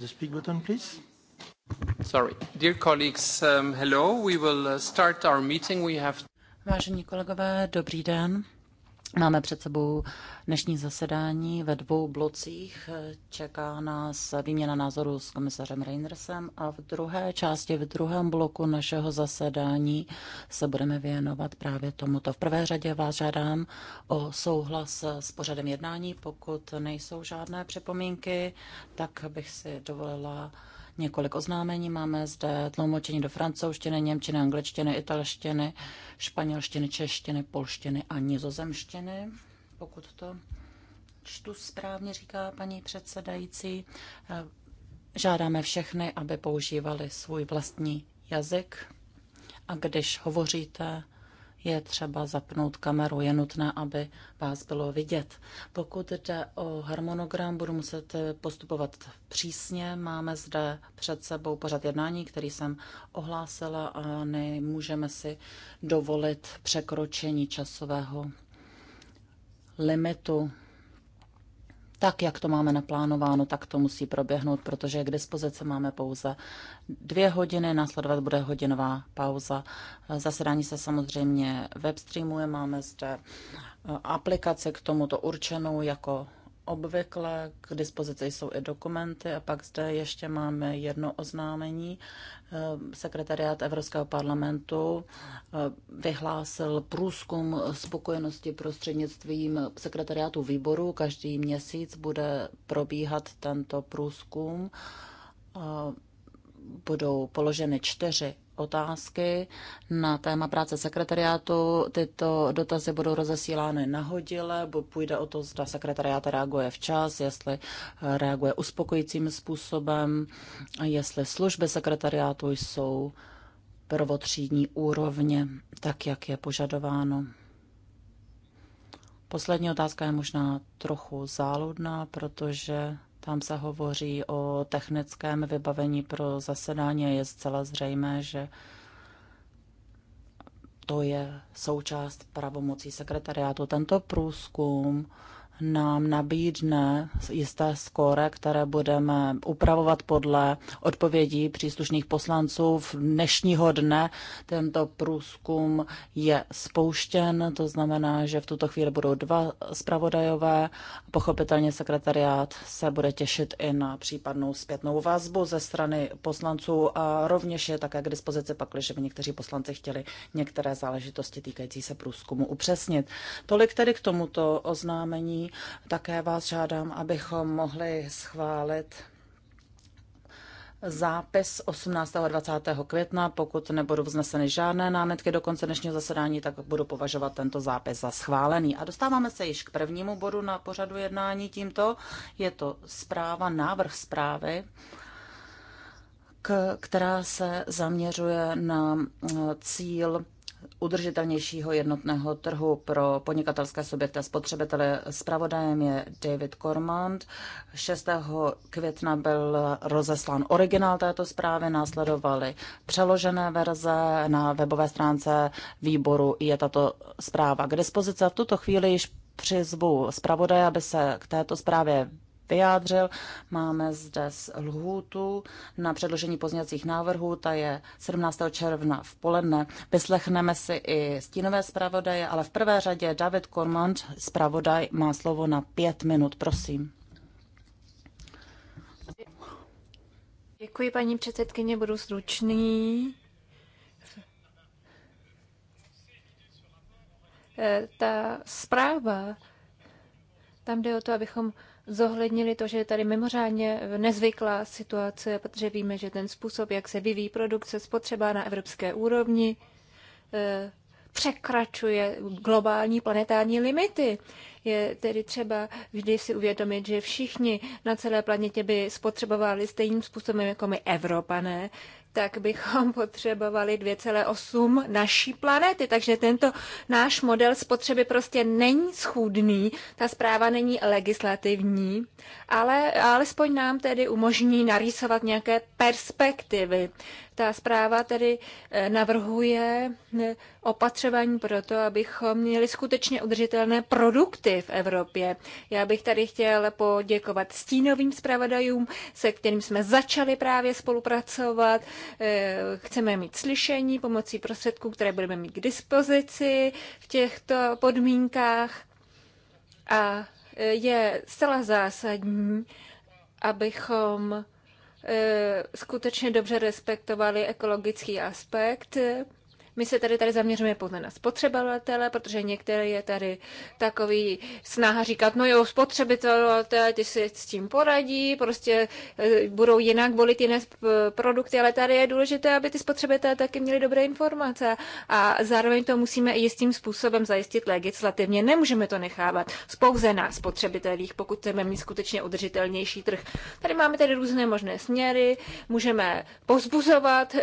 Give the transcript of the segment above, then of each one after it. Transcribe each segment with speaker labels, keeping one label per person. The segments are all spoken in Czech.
Speaker 1: The speak
Speaker 2: button, please.
Speaker 1: Sorry. Dear colleagues, um, hello. We will uh, start our meeting. We have...
Speaker 2: Vážení kolegové, dobrý den. Máme před sebou dnešní zasedání ve dvou blocích. Eh, čeká nás výměna názoru s komisařem Reindersem a v druhé části, v druhém bloku našeho zasedání se budeme věnovat právě tomuto. V prvé řadě vás žádám o souhlas s pořadem jednání. Pokud nejsou žádné připomínky, tak bych si dovolila několik oznámení. Máme zde tlumočení do francouzštiny, němčiny, angličtiny, italštiny, španělštiny, češtiny, polštiny a nizozemštiny, pokud to čtu správně, říká paní předsedající. Eh, žádáme všechny, aby používali svůj vlastní jazyk a když hovoříte, je třeba zapnout kameru, je nutné, aby vás bylo vidět. Pokud jde o harmonogram, budu muset postupovat přísně. Máme zde před sebou pořad jednání, který jsem ohlásila a nemůžeme si dovolit překročení časového limitu tak, jak to máme naplánováno, tak to musí proběhnout, protože k dispozici máme pouze dvě hodiny, následovat bude hodinová pauza. Zasedání se samozřejmě webstreamuje, máme zde eh, aplikaci k tomuto určenou jako obvykle k dispozici jsou i dokumenty a pak zde ještě máme jedno oznámení. Eh, sekretariát Evropského parlamentu eh, vyhlásil průzkum spokojenosti prostřednictvím sekretariátu výboru. Každý měsíc bude probíhat tento průzkum. Eh, budou položeny čtyři otázky na téma práce sekretariátu. Tyto dotazy budou rozesílány nahodile, bo půjde o to, zda sekretariát reaguje včas, jestli reaguje uspokojícím způsobem, jestli služby sekretariátu jsou prvotřídní úrovně, tak jak je požadováno. Poslední otázka je možná trochu záludná, protože tam se hovoří o technickém vybavení pro zasedání a je zcela zřejmé, že to je součást pravomocí sekretariátu. Tento průzkum nám nabídne jisté skóre, které budeme upravovat podle odpovědí příslušných poslanců. V dnešního dne tento průzkum je spouštěn, to znamená, že v tuto chvíli budou dva zpravodajové. Pochopitelně sekretariát se bude těšit i na případnou zpětnou vazbu ze strany poslanců a rovněž je také k dispozici pak, že by někteří poslanci chtěli některé záležitosti týkající se průzkumu upřesnit. Tolik tedy k tomuto oznámení také vás žádám, abychom mohli schválit zápis 18. a 20. května. Pokud nebudou vzneseny žádné námitky do konce dnešního zasedání, tak budu považovat tento zápis za schválený. A dostáváme se již k prvnímu bodu na pořadu jednání tímto. Je to zpráva, návrh zprávy, která se zaměřuje na eh, cíl udržitelnějšího jednotného trhu pro podnikatelské subjekty a spotřebitele. Spravodajem je David Cormand. 6. května byl rozeslán originál této zprávy, následovaly přeložené verze. Na webové stránce výboru je tato zpráva k dispozici. V tuto chvíli již přizvu zpravodaje, aby se k této zprávě vyjádřil. Máme zde z lhůtu na předložení pozněcích návrhů, ta je 17. června v poledne. Vyslechneme si i stínové zpravodaje, ale v prvé řadě David Kormand, zpravodaj, má slovo na pět minut, prosím.
Speaker 3: Děkuji, paní předsedkyně, budu stručný. Eh, ta zpráva, tam jde o to, abychom zohlednili to, že je tady mimořádně nezvyklá situace, protože víme, že ten způsob, jak se vyvíjí produkce, spotřeba na evropské úrovni, eh, překračuje globální planetární limity. Je tedy třeba vždy si uvědomit, že všichni na celé planetě by spotřebovali stejným způsobem jako my Evropané, tak bychom potřebovali 2,8 naší planety. Takže tento náš model spotřeby prostě není schůdný, ta zpráva není legislativní, ale alespoň nám tedy umožní narýsovat nějaké perspektivy. Ta zpráva tedy eh, navrhuje eh, opatřování pro to, abychom měli skutečně udržitelné produkty mýty v Evropě. Já bych tady chtěl poděkovat stínovým zpravodajům, se kterým jsme začali právě spolupracovat. Eh, chceme mít slyšení pomocí prostředků, které budeme mít k dispozici v těchto podmínkách. A eh, je zcela zásadní, abychom eh, skutečně dobře respektovali ekologický aspekt my se tady tady zaměřujeme pouze na spotřebovatele, protože některé je tady takový snaha říkat, no jo, spotřebitelé, ty si s tím poradí, prostě e, budou jinak volit jiné produkty, ale tady je důležité, aby ty spotřebitelé taky měli dobré informace a zároveň to musíme i jistým způsobem zajistit legislativně. Nemůžeme to nechávat spouze na spotřebitelích, pokud chceme mít skutečně udržitelnější trh. Tady máme tady různé možné směry, můžeme pozbuzovat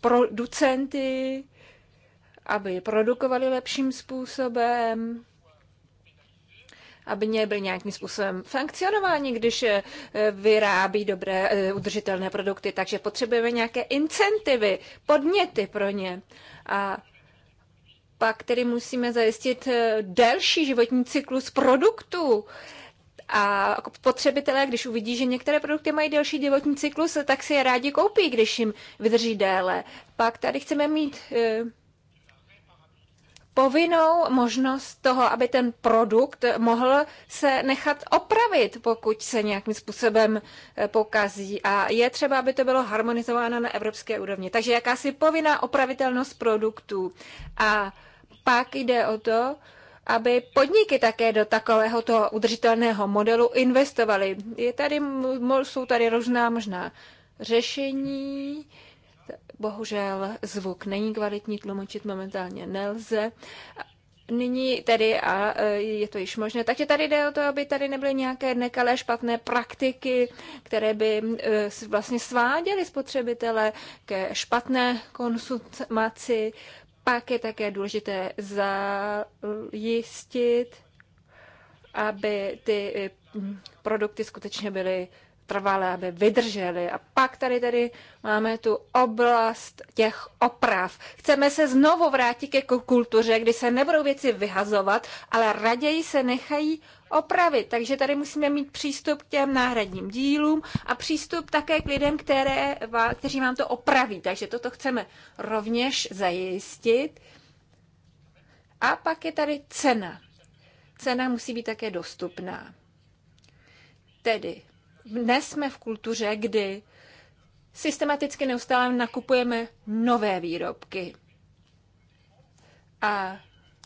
Speaker 3: producenty, aby je produkovali lepším způsobem, aby nebyl nějakým způsobem funkcionování, když eh, vyrábí dobré eh, udržitelné produkty. Takže potřebujeme nějaké incentivy, podněty pro ně. A pak tedy musíme zajistit eh, delší životní cyklus produktů. A jako potřebitelé, když uvidí, že některé produkty mají delší životní cyklus, tak si je rádi koupí, když jim vydrží déle. Pak tady chceme mít eh, povinnou možnost toho, aby ten produkt mohl se nechat opravit, pokud se nějakým způsobem eh, pokazí. A je třeba, aby to bylo harmonizováno na evropské úrovni. Takže jakási povinná opravitelnost produktů. A pak jde o to, aby podniky také do takového toho udržitelného modelu investovaly. Je tady, jsou tady různá možná řešení. Bohužel zvuk není kvalitní, tlumočit momentálně nelze. Nyní tedy, a e, je to již možné, takže tady jde o to, aby tady nebyly nějaké nekalé špatné praktiky, které by e, vlastně sváděly spotřebitele ke špatné konsumaci pak je také důležité zajistit, aby ty eh, produkty skutečně byly trvalé, aby vydržely. A pak tady tady máme tu oblast těch oprav. Chceme se znovu vrátit ke kultuře, kdy se nebudou věci vyhazovat, ale raději se nechají opravit. Takže tady musíme mít přístup k těm náhradním dílům a přístup také k lidem, které, kteří vám to opraví. Takže toto chceme rovněž zajistit. A pak je tady cena. Cena musí být také dostupná. Tedy dnes jsme v kultuře, kdy systematicky neustále nakupujeme nové výrobky. A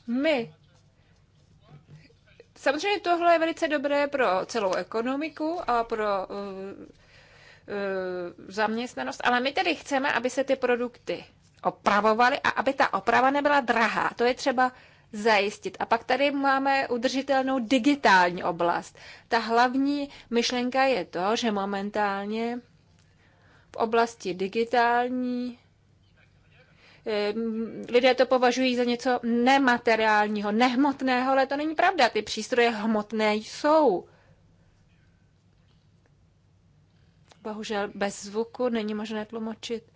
Speaker 3: my Samozřejmě tohle je velice dobré pro celou ekonomiku a pro uh, uh, zaměstnanost, ale my tedy chceme, aby se ty produkty opravovaly a aby ta oprava nebyla drahá. To je třeba zajistit. A pak tady máme udržitelnou digitální oblast. Ta hlavní myšlenka je to, že momentálně v oblasti digitální Ehm, lidé to považují za něco nemateriálního, nehmotného, ale to není pravda. Ty přístroje hmotné jsou. Bohužel bez zvuku není možné tlumočit.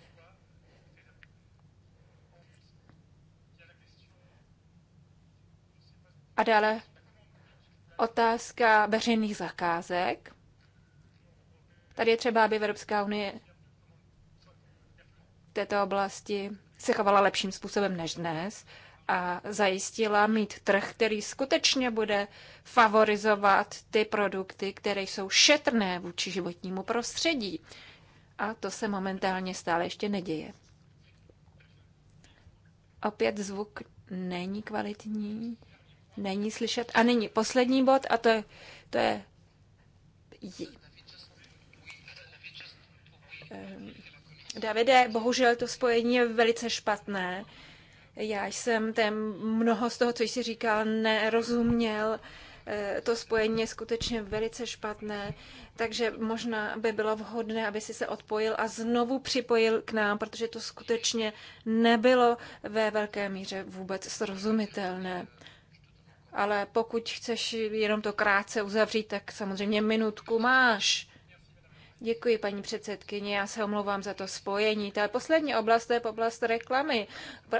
Speaker 3: A dále otázka veřejných zakázek. Tady je třeba, aby Evropská unie v této oblasti se chovala lepším způsobem než dnes a zajistila mít trh, který skutečně bude favorizovat ty produkty, které jsou šetrné vůči životnímu prostředí. A to se momentálně stále ještě neděje. Opět zvuk není kvalitní, není slyšet. A nyní poslední bod, a to je, to je Davide, bohužel to spojení je velice špatné. Já jsem ten mnoho z toho, co jsi říkal, nerozuměl. Eh, to spojení je skutečně velice špatné, takže možná by bylo vhodné, aby si se odpojil a znovu připojil k nám, protože to skutečně nebylo ve velké míře vůbec srozumitelné. Ale pokud chceš jenom to krátce uzavřít, tak samozřejmě minutku máš. Děkuji, paní předsedkyně. Já se omlouvám za to spojení. Ta poslední oblast to je oblast reklamy,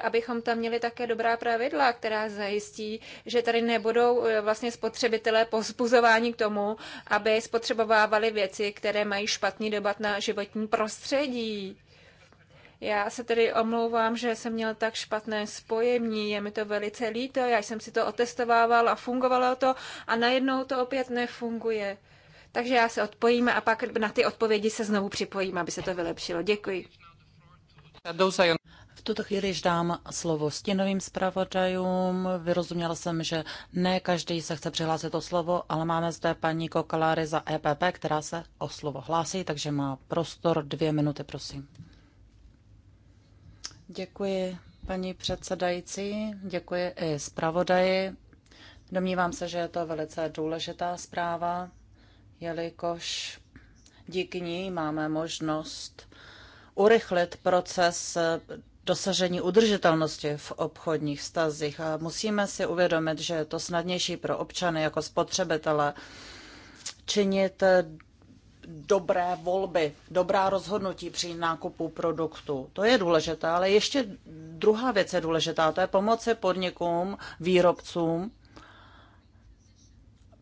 Speaker 3: abychom tam měli také dobrá pravidla, která zajistí, že tady nebudou eh, vlastně spotřebitelé pozbuzováni k tomu, aby spotřebovávali věci, které mají špatný dopad na životní prostředí. Já se tedy omlouvám, že jsem měl tak špatné spojení, je mi to velice líto, já jsem si to otestovával a fungovalo to a najednou to opět nefunguje. Takže já se odpojím a pak na ty odpovědi se znovu
Speaker 2: připojím, aby se to vylepšilo. Děkuji. V tuto chvíli již dám slovo stěnovým zpravodajům. Vyrozuměla jsem, že ne každý se chce přihlásit o slovo, ale máme zde paní Kokaláry za EPP, která se o slovo hlásí, takže má prostor dvě minuty, prosím. Děkuji, paní předsedající, děkuji i zpravodaji. Domnívám se, že je to velice důležitá zpráva jelikož díky ní máme možnost urychlit proces dosažení udržitelnosti v obchodních vztazích. A musíme si uvědomit, že je to snadnější pro občany jako spotřebitele činit dobré volby, dobrá rozhodnutí při nákupu produktu. To je důležité, ale ještě druhá věc je důležitá, to je pomoci podnikům, výrobcům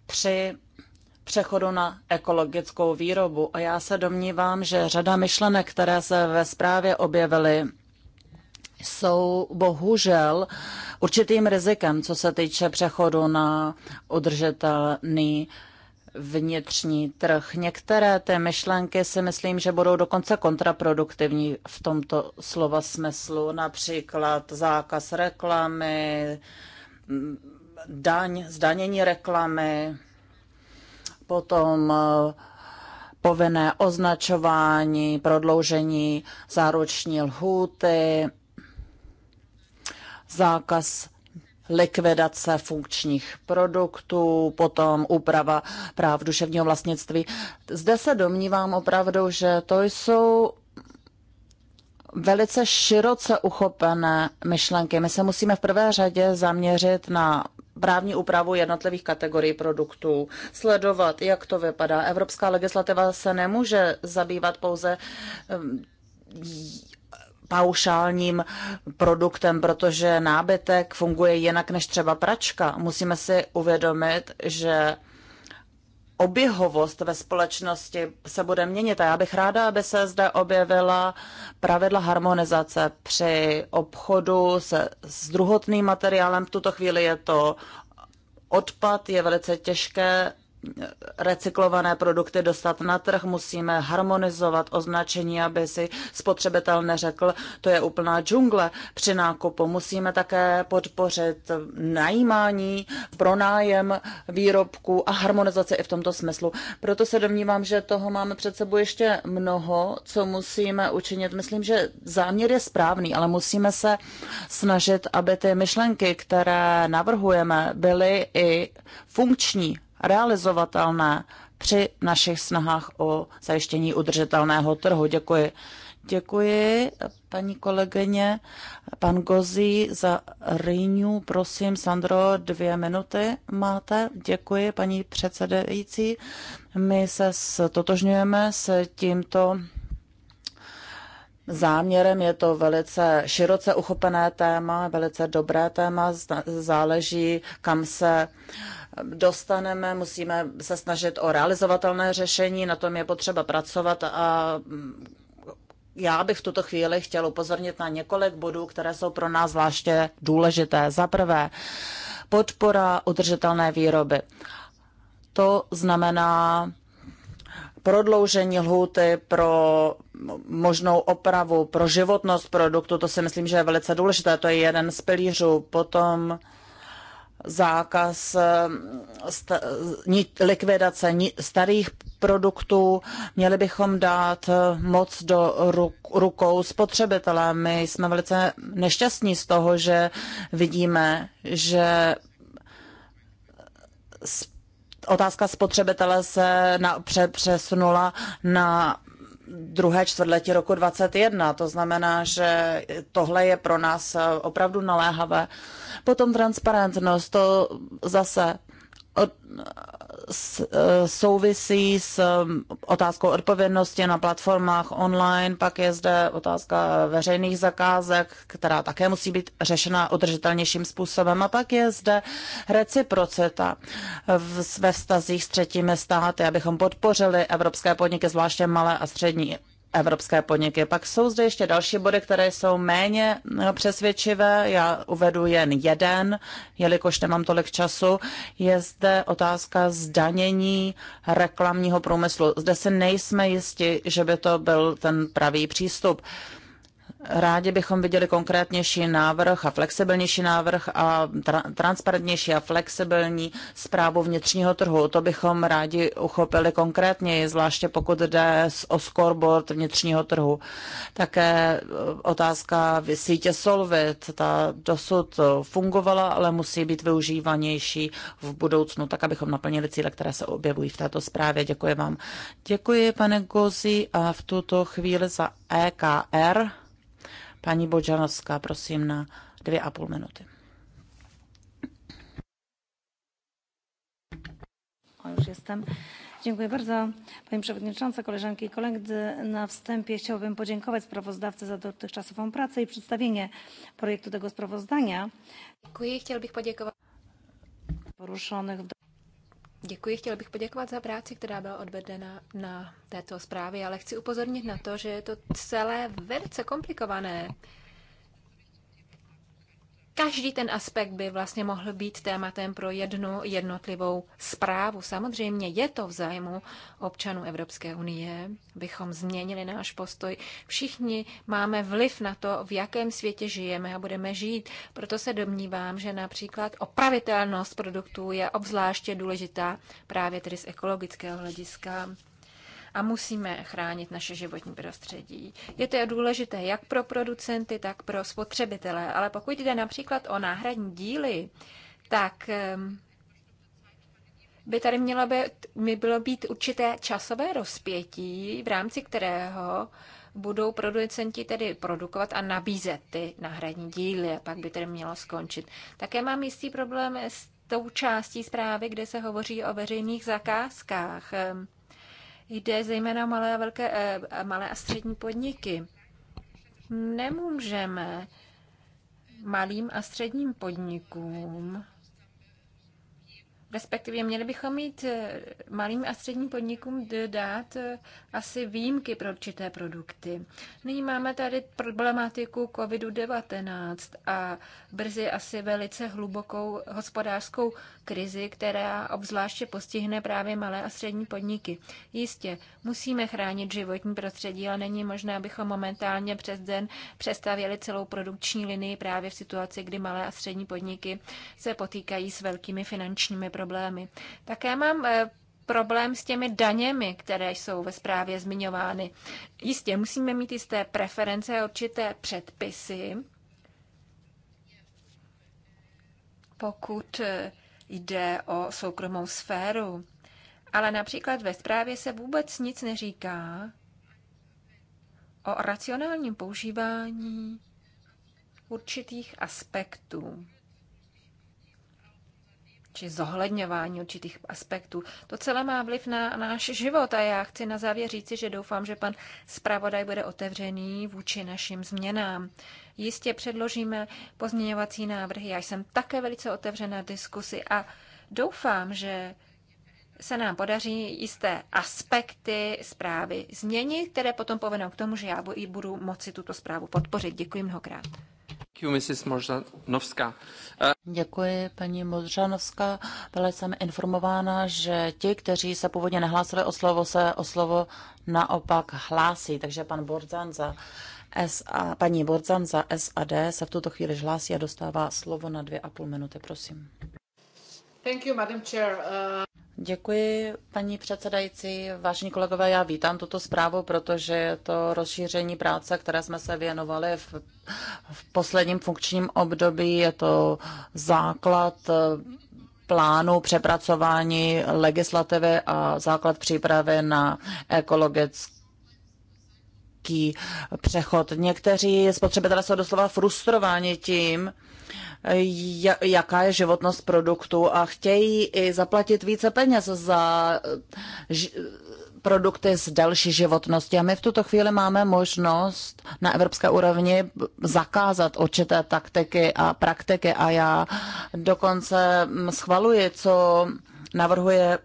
Speaker 2: při přechodu na ekologickou výrobu. A já se domnívám, že řada myšlenek, které se ve zprávě objevily, jsou bohužel určitým rizikem, co se týče přechodu na udržitelný vnitřní trh. Některé ty myšlenky si myslím, že budou dokonce kontraproduktivní v tomto slova smyslu, například zákaz reklamy, daň, zdanění reklamy, potom eh, povinné označování, prodloužení záruční lhůty, zákaz likvidace funkčních produktů, potom úprava práv duševního vlastnictví. Zde se domnívám opravdu, že to jsou velice široce uchopené myšlenky. My se musíme v prvé řadě zaměřit na právní úpravu jednotlivých kategorií produktů, sledovat, jak to vypadá. Evropská legislativa se nemůže zabývat pouze um, paušálním produktem, protože nábytek funguje jinak než třeba pračka. Musíme si uvědomit, že oběhovost ve společnosti se bude měnit a já bych ráda, aby se zde objevila pravidla harmonizace při obchodu se, s druhotným materiálem. V tuto chvíli je to odpad, je velice těžké recyklované produkty dostat na trh, musíme harmonizovat označení, aby si spotřebitel neřekl, to je úplná džungle při nákupu. Musíme také podpořit najímání, pronájem výrobků a harmonizaci i v tomto smyslu. Proto se domnívám, že toho máme před sebou ještě mnoho, co musíme učinit. Myslím, že záměr je správný, ale musíme se snažit, aby ty myšlenky, které navrhujeme, byly i funkční realizovatelné při našich snahách o zajištění udržitelného trhu. Děkuji. Děkuji, paní kolegyně. Pan Gozí za Rýňu, prosím, Sandro, dvě minuty máte. Děkuji, paní předsedající. My se totožňujeme s tímto záměrem. Je to velice široce uchopené téma, velice dobré téma, záleží, kam se uh, dostaneme, musíme se snažit o realizovatelné řešení, na tom je potřeba pracovat a mm, já bych v tuto chvíli chtěl upozornit na několik bodů, které jsou pro nás zvláště důležité. Za prvé, podpora udržitelné výroby. To znamená prodloužení lhůty pro možnou opravu, pro životnost produktu, to si myslím, že je velice důležité, to je jeden z pilířů. Potom zákaz eh, likvidace starých produktů. Měli bychom dát eh, moc do rukou spotřebitele. My jsme velice nešťastní z toho, že vidíme, že otázka spotřebitele se přesunula na druhé čtvrtletí roku 2021. To znamená, že tohle je pro nás opravdu naléhavé. Potom transparentnost, to zase od, Eh, souvisí s mm, otázkou odpovědnosti na platformách online, pak je zde otázka veřejných zakázek, která také musí být řešena udržitelnějším způsobem a pak je zde reciprocita ve vztazích s třetími státy, abychom podpořili evropské podniky, zvláště malé a střední evropské podniky. Pak jsou zde ještě další body, které jsou méně eh, přesvědčivé. Já uvedu jen jeden, jelikož nemám tolik času. Je zde otázka zdanění reklamního průmyslu. Zde si nejsme jisti, že by to byl ten pravý přístup. Rádi bychom viděli konkrétnější návrh a flexibilnější návrh a tra- transparentnější a flexibilní zprávu vnitřního trhu. To bychom rádi uchopili konkrétněji, zvláště pokud jde o scoreboard vnitřního trhu. Také eh, otázka sítě Solvit, ta dosud eh, fungovala, ale musí být využívanější v budoucnu, tak abychom naplnili cíle, které se objevují v této zprávě. Děkuji vám. Děkuji, pane Gozi, a v tuto chvíli za EKR. Paní Božanovská, prosím, na dvě a půl minuty.
Speaker 3: O, już jestem. Dziękuję bardzo Pani Przewodnicząca, koleżanki i koledzy. Na wstępie chciałbym podziękować sprawozdawcy za dotychczasową pracę i przedstawienie projektu tego sprawozdania. Dziękuję. Chciałbym podziękować poruszonych w Děkuji, chtěla bych poděkovat za práci, která byla odvedena na této zprávě, ale chci upozornit na to, že je to celé velice komplikované. Každý ten aspekt by vlastně mohl být tématem pro jednu jednotlivou zprávu. Samozřejmě je to v zájmu občanů Evropské unie, bychom změnili náš postoj. Všichni máme vliv na to, v jakém světě žijeme a budeme žít. Proto se domnívám, že například opravitelnost produktů je obzvláště důležitá právě tedy z ekologického hlediska a musíme chránit naše životní prostředí. Je to důležité jak pro producenty, tak pro spotřebitele, ale pokud jde například o náhradní díly, tak ehm, by tady mělo být, by bylo být určité časové rozpětí, v rámci kterého budou producenti tedy produkovat a nabízet ty náhradní díly, a pak by tedy mělo skončit. Také mám jistý problém s tou částí zprávy, kde se hovoří o veřejných zakázkách. Ehm, Jde zejména malé a, velké, eh, malé a střední podniky. Nemůžeme malým a středním podnikům respektive měli bychom mít eh, malým a středním podnikům dát eh, asi výjimky pro určité produkty. Nyní máme tady problematiku COVID-19 a brzy asi velice hlubokou hospodářskou krizi, která obzvláště postihne právě malé a střední podniky. Jistě, musíme chránit životní prostředí, ale není možné, abychom momentálně přes den přestavěli celou produkční linii právě v situaci, kdy malé a střední podniky se potýkají s velkými finančními problémy problémy. Také mám eh, problém s těmi daněmi, které jsou ve zprávě zmiňovány. Jistě musíme mít jisté preference a určité předpisy, pokud eh, jde o soukromou sféru. Ale například ve zprávě se vůbec nic neříká o racionálním používání určitých aspektů či zohledňování určitých aspektů. To celé má vliv na náš život a já chci na závěr říci, že doufám, že pan zpravodaj bude otevřený vůči našim změnám. Jistě předložíme pozměňovací návrhy. Já jsem také velice otevřená diskusi a doufám, že se nám podaří jisté aspekty zprávy změnit, které potom
Speaker 2: povedou k tomu, že já budu moci tuto zprávu podpořit. Děkuji mnohokrát. Děkuji, paní Modřanovská. Byla jsem informována, že ti, kteří se původně nehlásili o slovo, se o slovo naopak hlásí. Takže pan Borzan za SA, paní Borzan za SAD se v tuto chvíli hlásí a dostává slovo na dvě a půl minuty, prosím.
Speaker 4: Thank you, Madam Chair. Uh...
Speaker 2: Děkuji, paní předsedající. Vážení kolegové, já vítám tuto zprávu, protože je to rozšíření práce, které jsme se věnovali v, v posledním funkčním období. Je to základ eh, plánu přepracování legislativy a základ přípravy na ekologické přechod. Někteří spotřebitelé jsou doslova frustrováni tím, jaká je životnost produktu a chtějí i zaplatit více peněz za produkty s další životností. A my v tuto chvíli máme možnost na evropské úrovni zakázat určité taktiky a praktiky. A já dokonce schvaluji, co navrhuje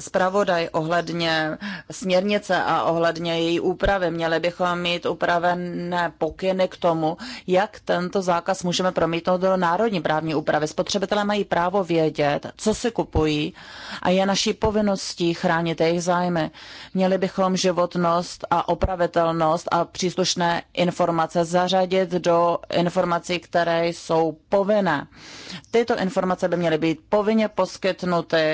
Speaker 2: zpravodaj ohledně směrnice a ohledně její úpravy. Měli bychom mít upravené pokyny k tomu, jak tento zákaz můžeme promítnout do národní právní úpravy. Spotřebitelé mají právo vědět, co si kupují a je naší povinností chránit jejich zájmy. Měli bychom životnost a opravitelnost a příslušné informace zařadit do informací, které jsou povinné. Tyto informace by měly být povinně poskytnuty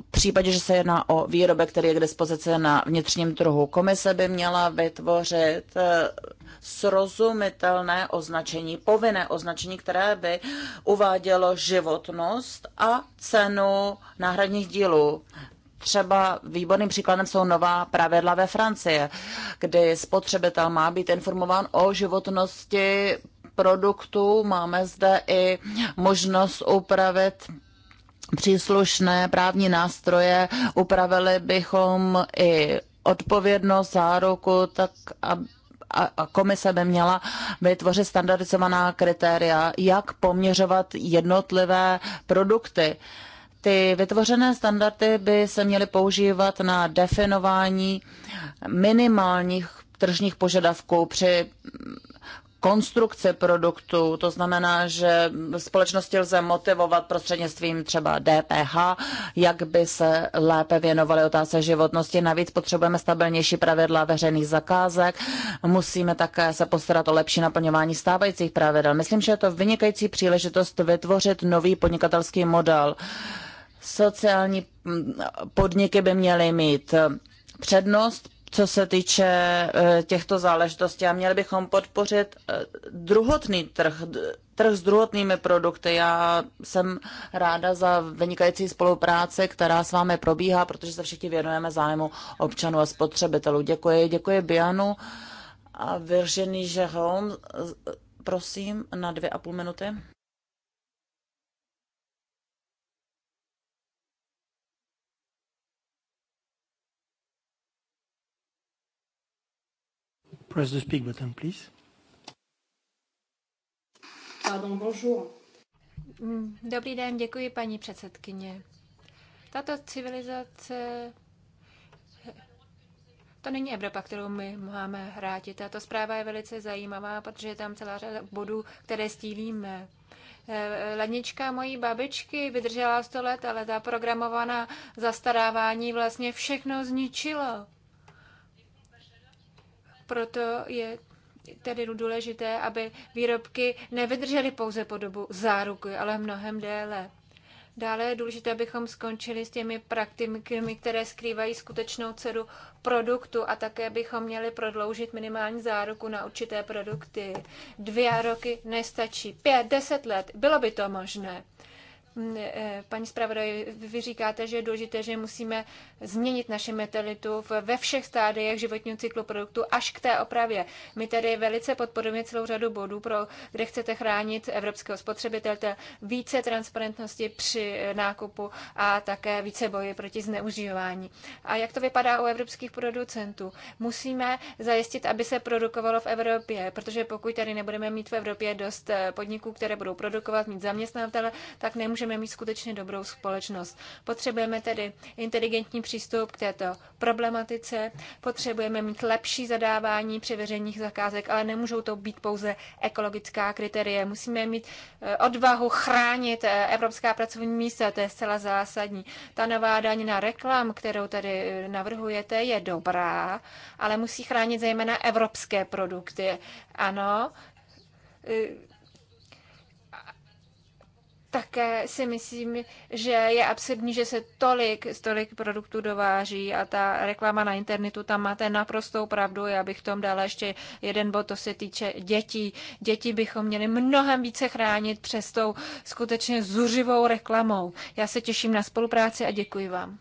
Speaker 2: v případě, že se jedná o výrobek, který je k dispozici na vnitřním trhu. Komise by měla vytvořit eh, srozumitelné označení, povinné označení, které by uvádělo životnost a cenu náhradních dílů. Třeba výborným příkladem jsou nová pravidla ve Francii, kdy spotřebitel má být informován o životnosti produktu. Máme zde i možnost upravit příslušné právní nástroje, upravili bychom i odpovědnost, záruku, tak a komise by měla vytvořit standardizovaná kritéria, jak poměřovat jednotlivé produkty. Ty vytvořené standardy by se měly používat na definování minimálních tržních požadavků při konstrukce produktů. To znamená, že společnosti lze motivovat prostřednictvím třeba DPH, jak by se lépe věnovaly otázce životnosti. Navíc potřebujeme stabilnější pravidla veřejných zakázek. Musíme také se postarat o lepší naplňování stávajících pravidel. Myslím, že je to vynikající příležitost vytvořit nový podnikatelský model. Sociální mm, podniky by měly mít přednost co se týče e, těchto záležitostí a měli bychom podpořit e, druhotný trh, trh s druhotnými produkty. Já jsem ráda za vynikající spolupráce, která s vámi probíhá, protože se všichni věnujeme zájmu občanů a spotřebitelů. Děkuji, děkuji Bianu a Virginie Jerome, prosím, na dvě a půl minuty.
Speaker 1: Press the speak button, please.
Speaker 3: Pardon, bonjour. Mm, dobrý den, děkuji paní předsedkyně. Tato civilizace to není Evropa, kterou my máme hrátit. Tato zpráva je velice zajímavá, protože je tam celá řada bodů, které stílíme. E, Lednička mojí babičky vydržela 100 let, ale ta programovaná zastarávání vlastně všechno zničilo. Proto je tedy důležité, aby výrobky nevydržely pouze po dobu záruky, ale mnohem déle. Dále je důležité, abychom skončili s těmi praktikami, které skrývají skutečnou cenu produktu a také bychom měli prodloužit minimální záruku na určité produkty. Dvě roky nestačí. Pět, deset let, bylo by to možné. Mm, eh, paní zpravodaj, vy říkáte, že je důležité, že musíme změnit naši mentalitu ve všech stádiích životního cyklu produktu až k té opravě. My tedy velice podporujeme celou řadu bodů, pro, kde chcete chránit evropského spotřebitele, více transparentnosti při eh, nákupu a také více boje proti zneužívání. A jak to vypadá u evropských producentů? Musíme zajistit, aby se produkovalo v Evropě, protože pokud tady nebudeme mít v Evropě dost eh, podniků, které budou produkovat, mít zaměstnavatele, tak nemůžeme můžeme mít skutečně dobrou společnost. Potřebujeme tedy inteligentní přístup k této problematice, potřebujeme mít lepší zadávání při veřejných zakázek, ale nemůžou to být pouze ekologická kritéria. Musíme mít eh, odvahu chránit eh, evropská pracovní místa, to je zcela zásadní. Ta nová daň na reklam, kterou tady eh, navrhujete, je dobrá, ale musí chránit zejména evropské produkty. Ano, také si myslím, že je absurdní, že se tolik, tolik produktů dováží a ta reklama na internetu, tam máte naprostou pravdu. Já bych tom dala ještě jeden bod, to se týče dětí. Děti bychom měli mnohem více chránit přes tou skutečně zuřivou reklamou. Já se těším na spolupráci a děkuji vám.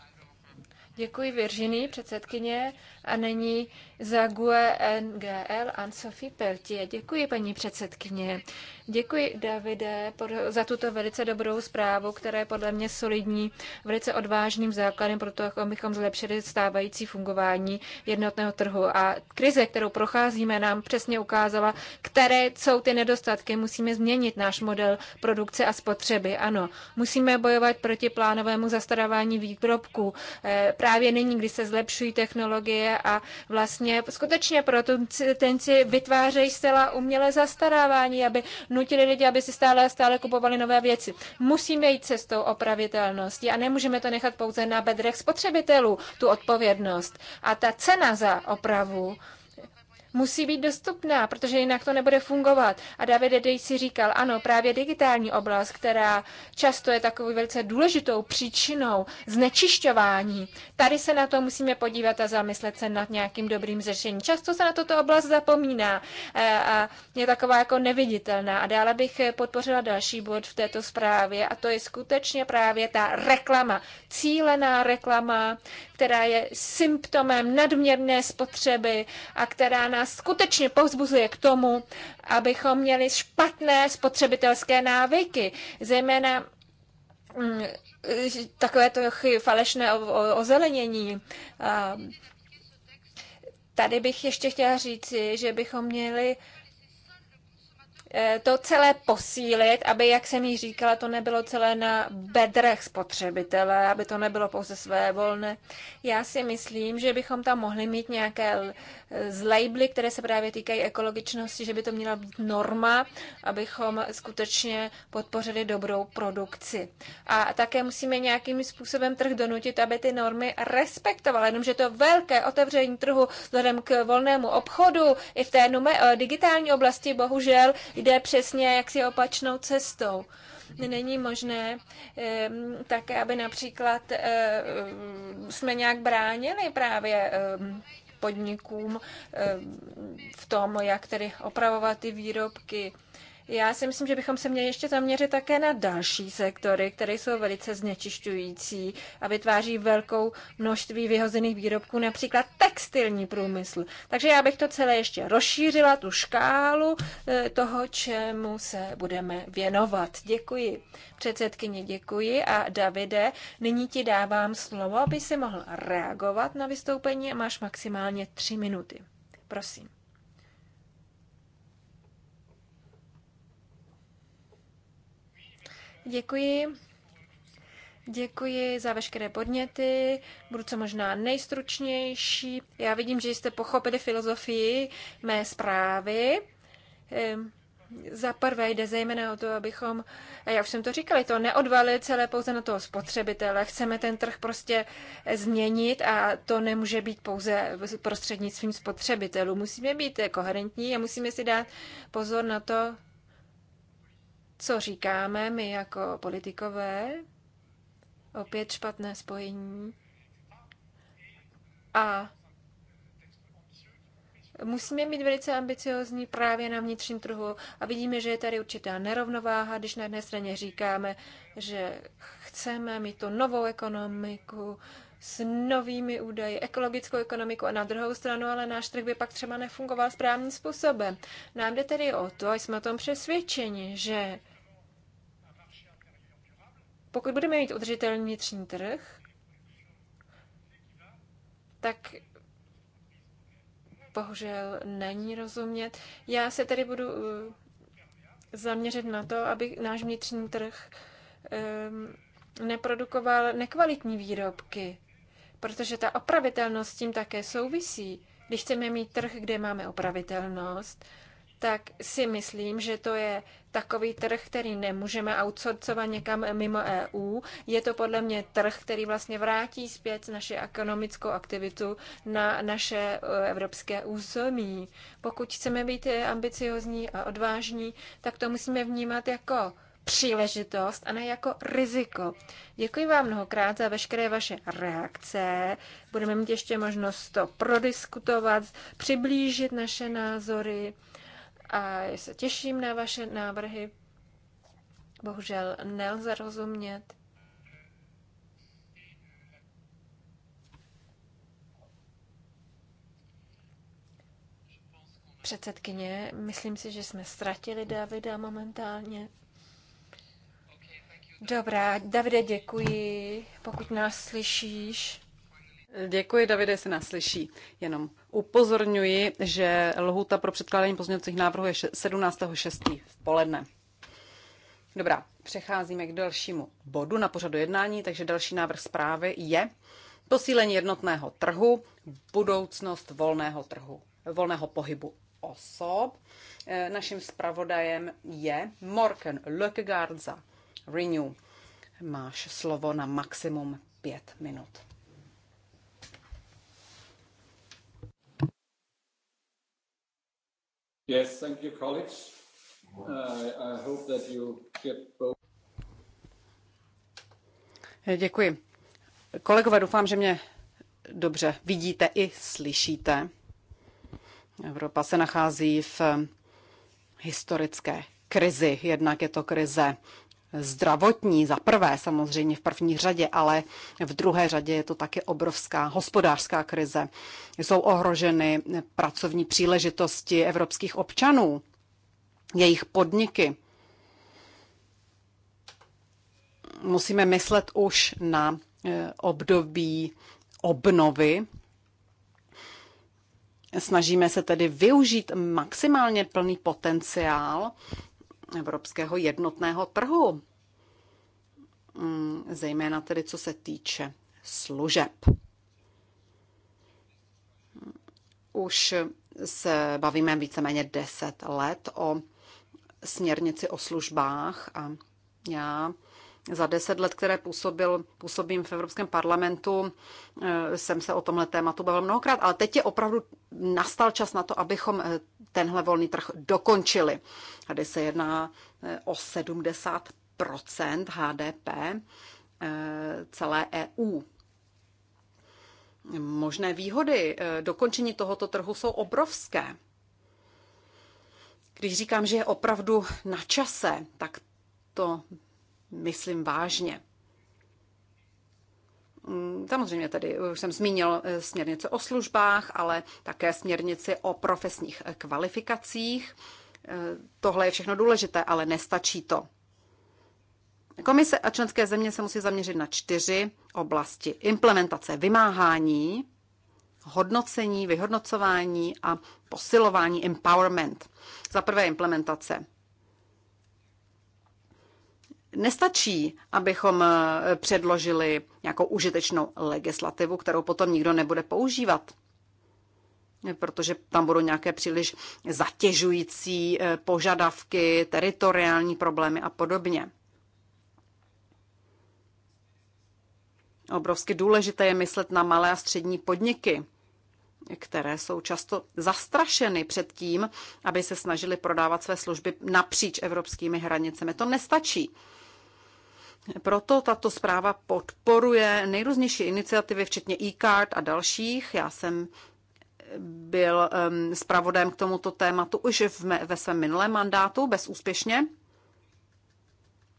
Speaker 3: Děkuji Virginii, předsedkyně. A není za GUE NGL Sophie Peltier. Děkuji, paní předsedkyně. Děkuji, Davide, za tuto velice dobrou zprávu, která je podle mě solidní, velice odvážným základem pro to, abychom zlepšili stávající fungování jednotného trhu. A krize, kterou procházíme, nám přesně ukázala, které jsou ty nedostatky. Musíme změnit náš model produkce a spotřeby. Ano, musíme bojovat proti plánovému zastarávání výrobků. E, právě nyní, kdy se zlepšují technologie a vlastně skutečně pro tenci vytvářejí zcela umělé zastarávání, aby nutili lidi, aby si stále a stále kupovali nové věci. Musíme jít cestou opravitelnosti a nemůžeme to nechat pouze na bedrech spotřebitelů, tu odpovědnost. A ta cena za opravu, musí být dostupná, protože jinak to nebude fungovat. A David si říkal, ano, právě digitální oblast, která často je takovou velice důležitou příčinou znečišťování. Tady se na to musíme podívat a zamyslet se nad nějakým dobrým řešením. Často se na toto oblast zapomíná eh, a je taková jako neviditelná. A dále bych podpořila další bod v této zprávě a to je skutečně právě ta reklama, cílená reklama, která je symptomem nadměrné spotřeby a která nás skutečně povzbuzuje k tomu, abychom měli špatné spotřebitelské návyky, zejména mm, takové to falešné ozelenění. Tady bych ještě chtěla říci, že bychom měli Eh, to celé posílit, aby, jak jsem jí říkala, to nebylo celé na bedrech spotřebitele, aby to nebylo pouze své volné. Já si myslím, že bychom tam mohli mít nějaké eh, zlabely, které se právě týkají ekologičnosti, že by to měla být norma, abychom skutečně podpořili dobrou produkci. A také musíme nějakým způsobem trh donutit, aby ty normy respektovaly, jenomže to velké otevření trhu vzhledem k volnému obchodu i v té eh, digitální oblasti bohužel jde přesně jaksi opačnou cestou. Není možné také, aby například eh, jsme nějak bránili právě podnikům v tom, jak tedy opravovat ty výrobky. Já si myslím, že bychom se měli ještě zaměřit také na další sektory, které jsou velice znečišťující a vytváří velkou množství vyhozených výrobků, například textilní průmysl. Takže já bych to celé ještě rozšířila, tu škálu eh, toho, čemu se budeme věnovat. Děkuji. Předsedkyně, děkuji. A Davide, nyní ti dávám slovo, aby si mohl reagovat na vystoupení a máš maximálně tři minuty. Prosím. Děkuji. Děkuji za veškeré podněty, budu co možná nejstručnější. Já vidím, že jste pochopili filozofii mé zprávy. Ehm, za prvé jde zejména o to, abychom, a já už jsem to říkala, to neodvali celé pouze na toho spotřebitele. Chceme ten trh prostě změnit a to nemůže být pouze prostřednictvím spotřebitelů. Musíme být koherentní a musíme si dát pozor na to, co říkáme my jako politikové, opět špatné spojení, a musíme být velice ambiciozní právě na vnitřním trhu a vidíme, že je tady určitá nerovnováha, když na jedné straně říkáme, že chceme mít tu novou ekonomiku s novými údaji, ekologickou ekonomiku a na druhou stranu, ale náš trh by pak třeba nefungoval správným způsobem. Nám jde tedy o to, a jsme o tom přesvědčeni, že pokud budeme mít udržitelný vnitřní trh, tak bohužel není rozumět. Já se tedy budu uh, zaměřit na to, aby náš vnitřní trh um, neprodukoval nekvalitní výrobky, protože ta opravitelnost s tím také souvisí. Když chceme mít trh, kde máme opravitelnost, tak si myslím, že to je takový trh, který nemůžeme outsourcovat někam mimo EU. Je to podle mě trh, který vlastně vrátí zpět naši ekonomickou aktivitu na naše e, evropské území. Pokud chceme být ambiciozní a odvážní, tak to musíme vnímat jako příležitost a ne jako riziko. Děkuji vám mnohokrát za veškeré vaše reakce. Budeme mít ještě možnost to prodiskutovat, přiblížit naše názory a se těším na vaše návrhy. Bohužel nelze rozumět. Předsedkyně, myslím si, že jsme ztratili Davida momentálně. Dobrá, Davide, děkuji, pokud
Speaker 4: nás slyšíš. Děkuji, Davide, se nás slyší. Jenom upozorňuji, že lhůta pro předkládání pozměňovacích návrhů je 17.6. v poledne. Dobrá, přecházíme k dalšímu bodu na pořadu jednání, takže další návrh zprávy je posílení jednotného trhu, budoucnost volného trhu, volného pohybu osob. E, naším zpravodajem je Morken Lökegaard za Renew. Máš slovo na maximum pět minut.
Speaker 1: Yes, thank you, colleagues. Uh, I hope that you get both.
Speaker 4: Eh, děkuji. Kolegové, doufám, že mě dobře vidíte i slyšíte. Evropa se nachází v eh, historické krizi. Jednak je to krize zdravotní, za prvé samozřejmě v první řadě, ale v druhé řadě je to taky obrovská hospodářská krize. Jsou ohroženy pracovní příležitosti evropských občanů, jejich podniky. Musíme myslet už na e, období obnovy. Snažíme se tedy využít maximálně plný potenciál evropského jednotného trhu, mm, zejména tedy co se týče služeb. Už se bavíme víceméně 10 let o směrnici o službách a já za deset let, které působil, působím v Evropském parlamentu, eh, jsem se o tomhle tématu bavil mnohokrát, ale teď je opravdu nastal čas na to, abychom eh, tenhle volný trh dokončili. Tady se jedná eh, o 70 HDP celé EU. Možné výhody dokončení tohoto trhu jsou obrovské. Když říkám, že je opravdu na čase, tak to myslím vážně. Mm, samozřejmě tady už jsem zmínil eh, směrnice o službách, ale také směrnici o profesních eh, kvalifikacích. Eh, tohle je všechno důležité, ale nestačí to. Komise a členské země se musí zaměřit na čtyři oblasti. Implementace, vymáhání, hodnocení, vyhodnocování a posilování, empowerment. Za prvé implementace. Nestačí, abychom eh, předložili nějakou užitečnou legislativu, kterou potom nikdo nebude používat, protože tam budou nějaké příliš zatěžující eh, požadavky, teritoriální problémy a podobně. Obrovsky důležité je myslet na malé a střední podniky, které jsou často zastrašeny před tím, aby se snažili prodávat své služby napříč evropskými hranicemi. To nestačí. Proto tato zpráva podporuje nejrůznější iniciativy, včetně e-card a dalších. Já jsem byl zpravodajem k tomuto tématu už ve svém minulém mandátu bezúspěšně.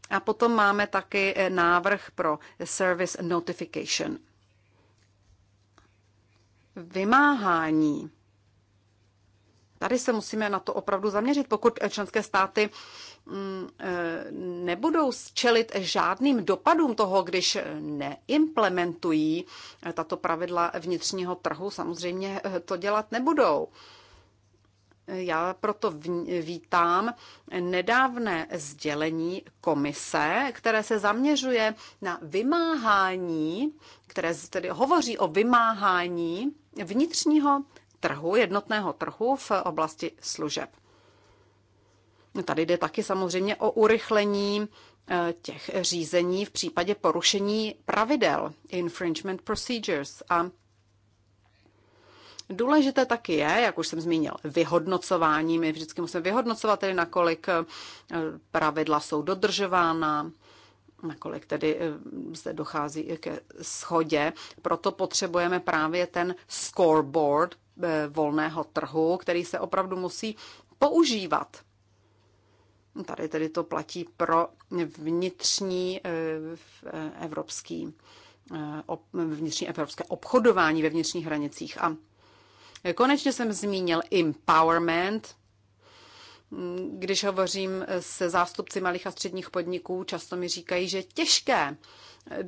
Speaker 4: A potom máme taky eh, návrh pro service notification. Vymáhání. Tady se musíme na to opravdu zaměřit, pokud členské státy Mm, eh, nebudou čelit žádným dopadům toho, když neimplementují eh, tato pravidla vnitřního trhu, samozřejmě eh, to dělat nebudou. Já proto vítám nedávné sdělení komise, které se zaměřuje na vymáhání, které tedy hovoří o vymáhání vnitřního trhu, jednotného trhu v oblasti služeb. Tady jde taky samozřejmě o urychlení eh, těch řízení v případě porušení pravidel, infringement procedures. A Důležité taky je, jak už jsem zmínil, vyhodnocování. My vždycky musíme vyhodnocovat, tedy nakolik eh, pravidla jsou dodržována, nakolik tedy eh, zde dochází ke schodě. Proto potřebujeme právě ten scoreboard volného trhu, který se opravdu musí používat. Tady tedy to platí pro vnitřní eh, eh, evropský eh, vnitřní evropské obchodování ve vnitřních hranicích. A konečně jsem zmínil empowerment. Mm, když hovořím se zástupci malých a středních podniků, často mi říkají, že je těžké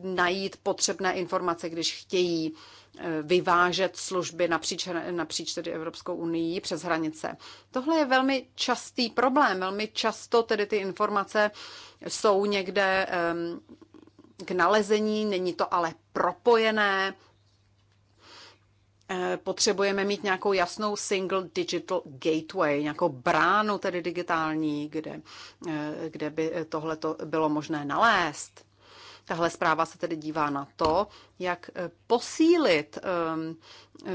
Speaker 4: najít potřebné informace, když chtějí Eh, vyvážet služby napříč, napříč tedy Evropskou unii přes hranice. Tohle je velmi častý problém. Velmi často tedy ty informace jsou někde eh, k nalezení, není to ale propojené. Eh, potřebujeme mít nějakou jasnou single digital gateway, nějakou bránu tedy digitální, kde, kde by tohle bylo možné nalézt. Tahle zpráva se tedy dívá na to, jak eh, posílit ehm, eh,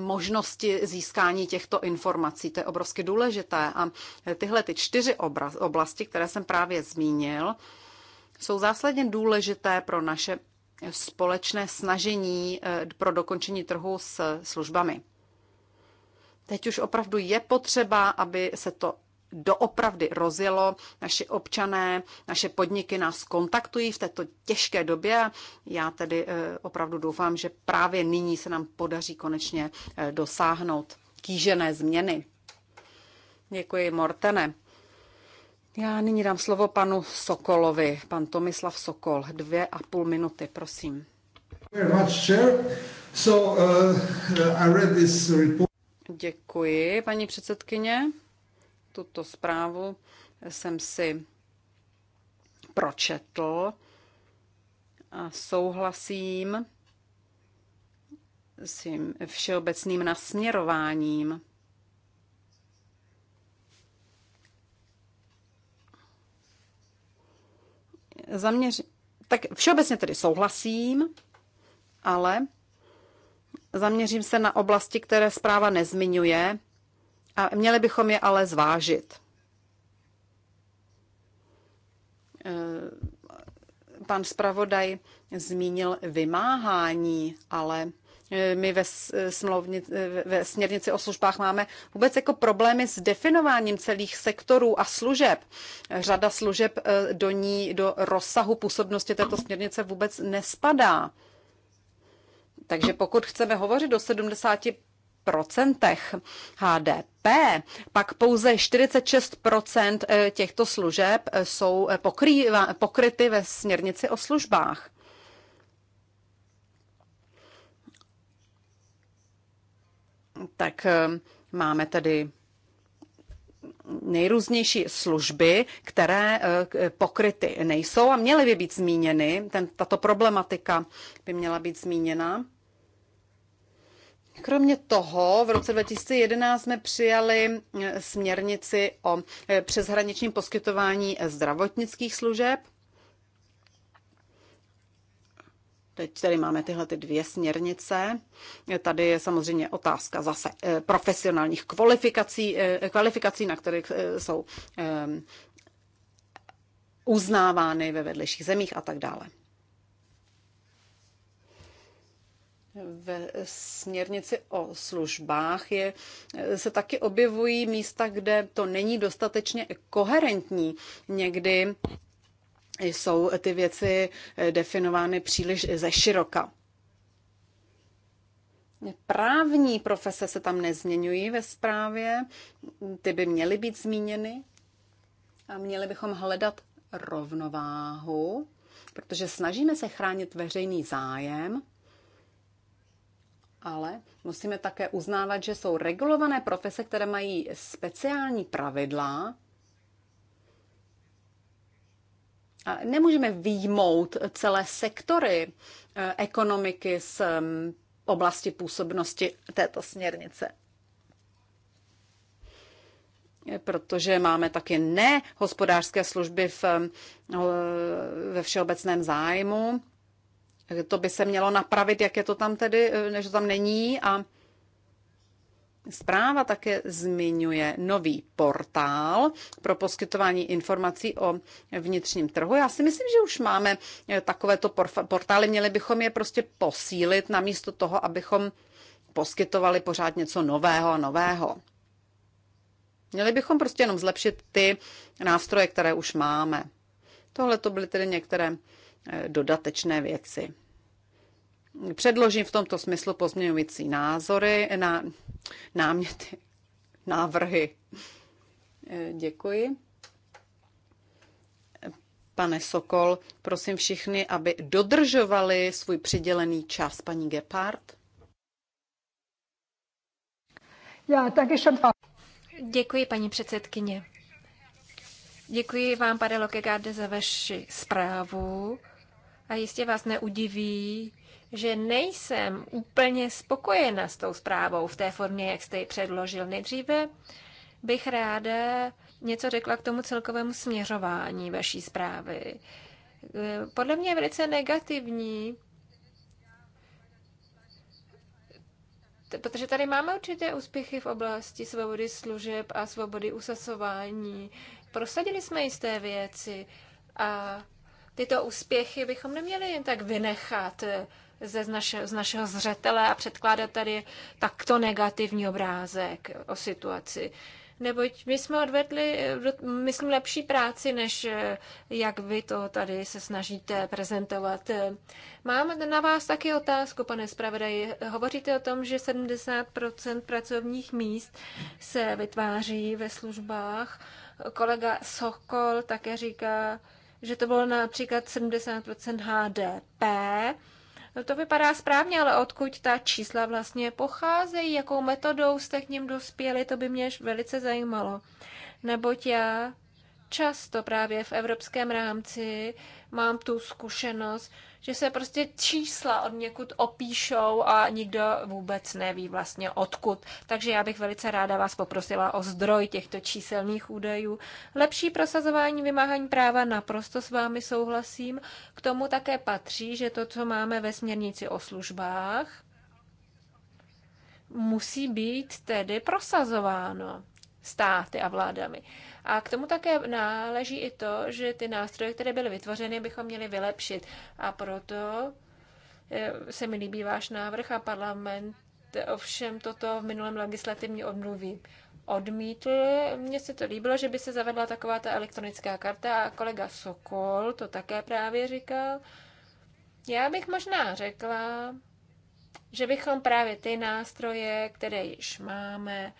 Speaker 4: možnosti získání těchto informací. To je obrovsky důležité. A eh, tyhle ty čtyři oblasti, které jsem právě zmínil, jsou zásadně důležité pro naše společné snažení pro dokončení trhu s službami. Teď už opravdu je potřeba, aby se to doopravdy rozjelo. Naši občané, naše podniky nás kontaktují v této těžké době já tedy eh, opravdu doufám, že právě nyní se nám podaří konečně eh, dosáhnout kýžené změny. Děkuji, Mortene. Já nyní dám slovo panu Sokolovi, pan Tomislav Sokol. Dvě a půl minuty, prosím.
Speaker 1: Uh,
Speaker 4: Děkuji, paní předsedkyně tuto zprávu jsem si pročetl a souhlasím s tím všeobecným nasměrováním. Zaměř... Tak všeobecně tedy souhlasím, ale zaměřím se na oblasti, které zpráva nezmiňuje a měli bychom je ale zvážit. Eh, pan zpravodaj zmínil vymáhání, ale eh, my ve, eh, smlouvni, ve směrnici o službách máme vůbec jako problémy s definováním celých sektorů a služeb. Řada služeb do ní, do rozsahu působnosti této směrnice vůbec nespadá. Takže pokud chceme hovořit o HDP, pak pouze 46 eh, těchto služeb eh, jsou eh, pokrýva, pokryty ve směrnici o službách. Tak máme tady nejrůznější služby, které pokryty nejsou a měly by být zmíněny. Ten, tato problematika by měla být zmíněna. Kromě toho v roce 2011 jsme přijali eh, směrnici o eh, přeshraničním poskytování eh, zdravotnických služeb. Teď tady máme tyhle ty dvě směrnice. Tady je samozřejmě otázka zase profesionálních kvalifikací, kvalifikací na kterých jsou uznávány ve vedlejších zemích a tak dále. Ve směrnici o službách je, se taky objevují místa, kde to není dostatečně koherentní. Někdy jsou ty věci definovány příliš ze široka. Právní profese se tam nezměňují ve zprávě, ty by měly být zmíněny a měli bychom hledat rovnováhu, protože snažíme se chránit veřejný zájem, ale musíme také uznávat, že jsou regulované profese, které mají speciální pravidla a nemůžeme výjmout celé sektory eh, ekonomiky z mm, oblasti působnosti této směrnice protože máme taky nehospodářské služby v, eh, ve všeobecném zájmu to by se mělo napravit, jak je to tam tedy, eh, než to tam není. A zpráva také zmiňuje nový portál pro poskytování informací o vnitřním trhu. Já si myslím, že už máme eh, takovéto portály, měli bychom je prostě posílit namísto toho, abychom poskytovali pořád něco nového a nového. Měli bychom prostě jenom zlepšit ty nástroje, které už máme. Tohle to byly tedy některé dodatečné věci. Předložím v tomto smyslu pozměňující názory na náměty, návrhy. Děkuji. Pane Sokol, prosím všichni, aby dodržovali svůj přidělený čas. Paní Gepard. Já
Speaker 3: taky jsem... Děkuji, paní předsedkyně. Děkuji vám, pane Lokegarde, za vaši zprávu. A jistě vás neudiví, že nejsem úplně spokojena s tou zprávou v té formě, jak jste ji předložil. Nejdříve bych ráda něco řekla k tomu celkovému směřování vaší zprávy. Podle mě je velice negativní, protože tady máme určité úspěchy v oblasti svobody služeb a svobody usasování. Prosadili jsme jisté věci a tyto úspěchy bychom neměli jen tak vynechat eh, ze z, naše, z našeho zřetele a předkládat tady takto negativní obrázek o situaci. Neboť my jsme odvedli, eh, myslím, lepší práci, než eh, jak vy to tady se snažíte prezentovat. Mám na vás taky otázku, pane zpravodaji. Hovoříte o tom, že 70 pracovních míst se vytváří ve službách. Kolega Sokol také říká, že to bylo například 70% HDP. No, to vypadá správně, ale odkud ta čísla vlastně pocházejí, jakou metodou jste k ním dospěli, to by mě velice zajímalo. Neboť já často právě v evropském rámci mám tu zkušenost, že se prostě čísla od někud opíšou a nikdo vůbec neví vlastně odkud. Takže já bych velice ráda vás poprosila o zdroj těchto číselných údajů. Lepší prosazování vymáhání práva naprosto s vámi souhlasím. K tomu také patří, že to, co máme ve směrnici o službách, musí být tedy prosazováno státy a vládami. A k tomu také náleží i to, že ty nástroje, které byly vytvořeny, bychom měli vylepšit. A proto eh, se mi líbí váš návrh a parlament ovšem toto v minulém legislativní obmluví odmítl. Mně se to líbilo, že by se zavedla taková ta elektronická karta a kolega Sokol to také právě říkal. Já bych možná řekla, že bychom právě ty nástroje, které již máme,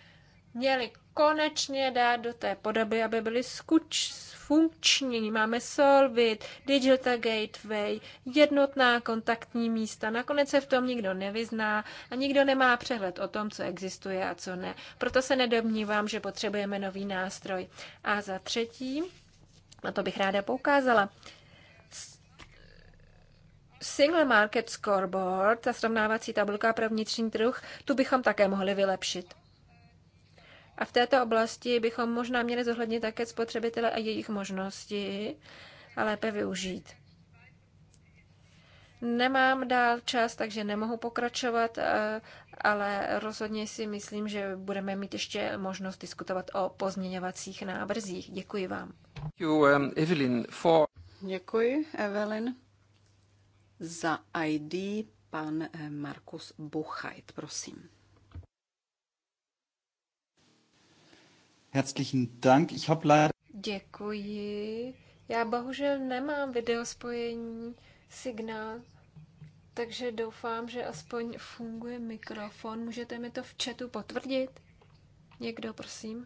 Speaker 3: měli konečně dát do té podoby, aby byly skuč, funkční. Máme Solvit, Digital Gateway, jednotná kontaktní místa. Nakonec se v tom nikdo nevyzná a nikdo nemá přehled o tom, co existuje a co ne. Proto se nedomnívám, že potřebujeme nový nástroj. A za třetí, na to bych ráda poukázala, Single Market Scoreboard, ta srovnávací tabulka pro vnitřní trh, tu bychom také mohli vylepšit. A v této oblasti bychom možná měli zohlednit také spotřebitele a jejich možnosti a lépe využít. Nemám dál čas, takže nemohu pokračovat, eh, ale rozhodně si myslím, že budeme mít ještě možnost diskutovat o pozměňovacích návrzích. Děkuji vám.
Speaker 1: Um,
Speaker 4: Děkuji, Evelyn. Za ID pan eh, Markus Buchajt, prosím.
Speaker 1: Herzlichen Dank. Ich habe leider...
Speaker 4: Děkuji.
Speaker 3: Já bohužel nemám videospojení, signál, takže doufám, že aspoň funguje mikrofon. Můžete mi to v chatu potvrdit? Někdo, prosím.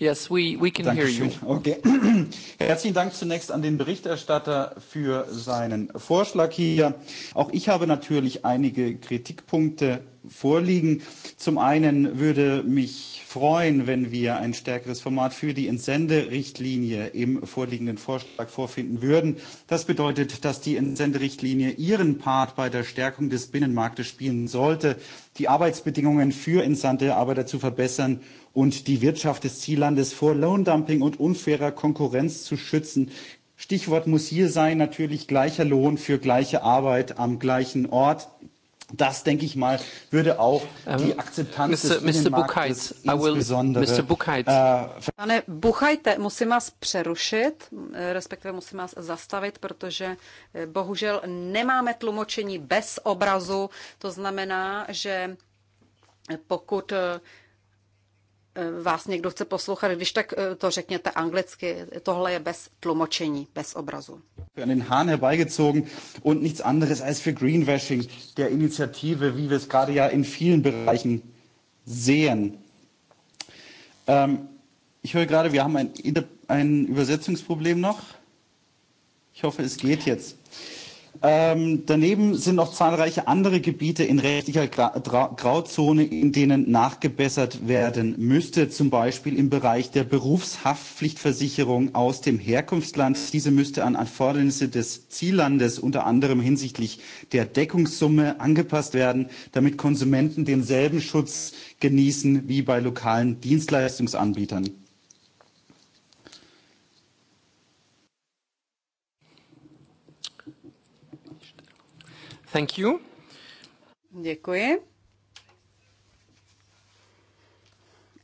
Speaker 1: Yes, we, we can Dankeschön. hear you. Okay. Herzlichen Dank zunächst an den Berichterstatter für seinen Vorschlag hier. Auch ich habe natürlich einige Kritikpunkte vorliegen. Zum einen würde mich freuen, wenn wir ein stärkeres Format für die Entsenderichtlinie im vorliegenden Vorschlag vorfinden würden. Das bedeutet, dass die Entsenderichtlinie ihren Part bei der Stärkung des Binnenmarktes spielen sollte, die Arbeitsbedingungen für entsandte Arbeiter zu verbessern und die Wirtschaft des Ziellandes vor Lohndumping und unfairer Konkurrenz zu schützen. Stichwort muss hier sein natürlich gleicher Lohn für gleiche Arbeit am gleichen Ort. Das, denke ich mal, würde auch ähm, die Akzeptanz um, des Mr. Buchheit, insbesondere... Will, Mr. Buchheit. Äh,
Speaker 4: Pane Buchajte, musím vás přerušit, eh, respektive musím vás zastavit, protože eh, bohužel nemáme tlumočení bez obrazu. To znamená, že pokud uh, Eh, vás někdo chce poslouchat, když tak eh, to řekněte anglicky, tohle je bez tlumočení, bez obrazu.
Speaker 1: An den Hahn herbeigezogen und nichts anderes als für Greenwashing der Initiative, wie wir es gerade ja in vielen Bereichen sehen. Ähm, ich höre gerade, wir haben ein, ein Übersetzungsproblem noch. Ich hoffe, es geht jetzt. Ähm, daneben sind noch zahlreiche andere Gebiete in rechtlicher Gra Dra Grauzone, in denen nachgebessert werden müsste, zum Beispiel im Bereich der Berufshaftpflichtversicherung aus dem Herkunftsland. Diese müsste an Erfordernisse des Ziellandes unter anderem hinsichtlich der Deckungssumme angepasst werden, damit Konsumenten denselben Schutz genießen wie bei lokalen Dienstleistungsanbietern.
Speaker 4: Thank you. Děkuji.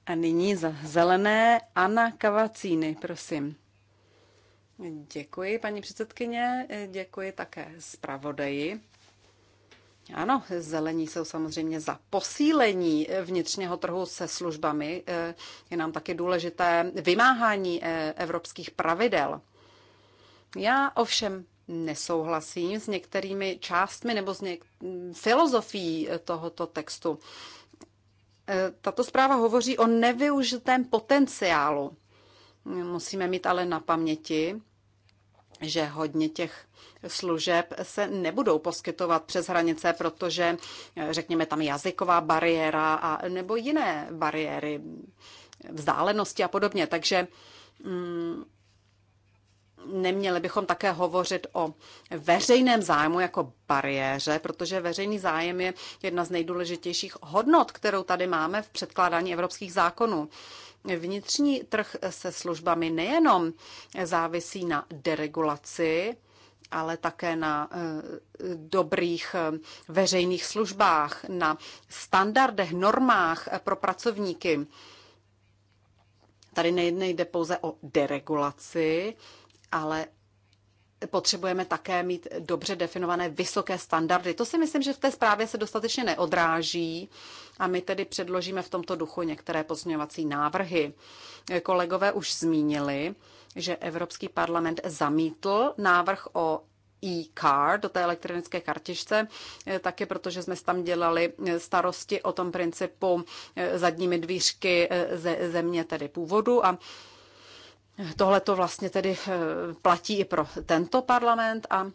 Speaker 4: A nyní za zelené Anna Kavacíny, prosím. Děkuji, paní předsedkyně, děkuji také zpravodaji. Ano, zelení jsou samozřejmě za posílení vnitřního trhu se službami. Je nám taky důležité vymáhání e, evropských pravidel. Já ovšem nesouhlasím s některými částmi nebo s něk- filozofií eh, tohoto textu. Eh, tato zpráva hovoří o nevyužitém potenciálu. Musíme mít ale na paměti, že hodně těch služeb se nebudou poskytovat přes hranice, protože, eh, řekněme, tam jazyková bariéra a, nebo jiné bariéry, vzdálenosti a podobně. Takže mm, neměli bychom také hovořit o veřejném zájmu jako bariéře, protože veřejný zájem je jedna z nejdůležitějších hodnot, kterou tady máme v předkládání evropských zákonů. Vnitřní trh se službami nejenom závisí na deregulaci, ale také na eh, dobrých eh, veřejných službách, na standardech, normách eh, pro pracovníky. Tady nejde pouze o deregulaci, ale potřebujeme také mít dobře definované vysoké standardy. To si myslím, že v té zprávě se dostatečně neodráží a my tedy předložíme v tomto duchu některé pozměňovací návrhy. Kolegové už zmínili, že Evropský parlament zamítl návrh o e-card, do té elektronické kartičce, eh, taky protože jsme tam dělali eh, starosti o tom principu eh, zadními dvířky ze země tedy původu a Tohle to vlastně tedy eh, platí i pro tento parlament a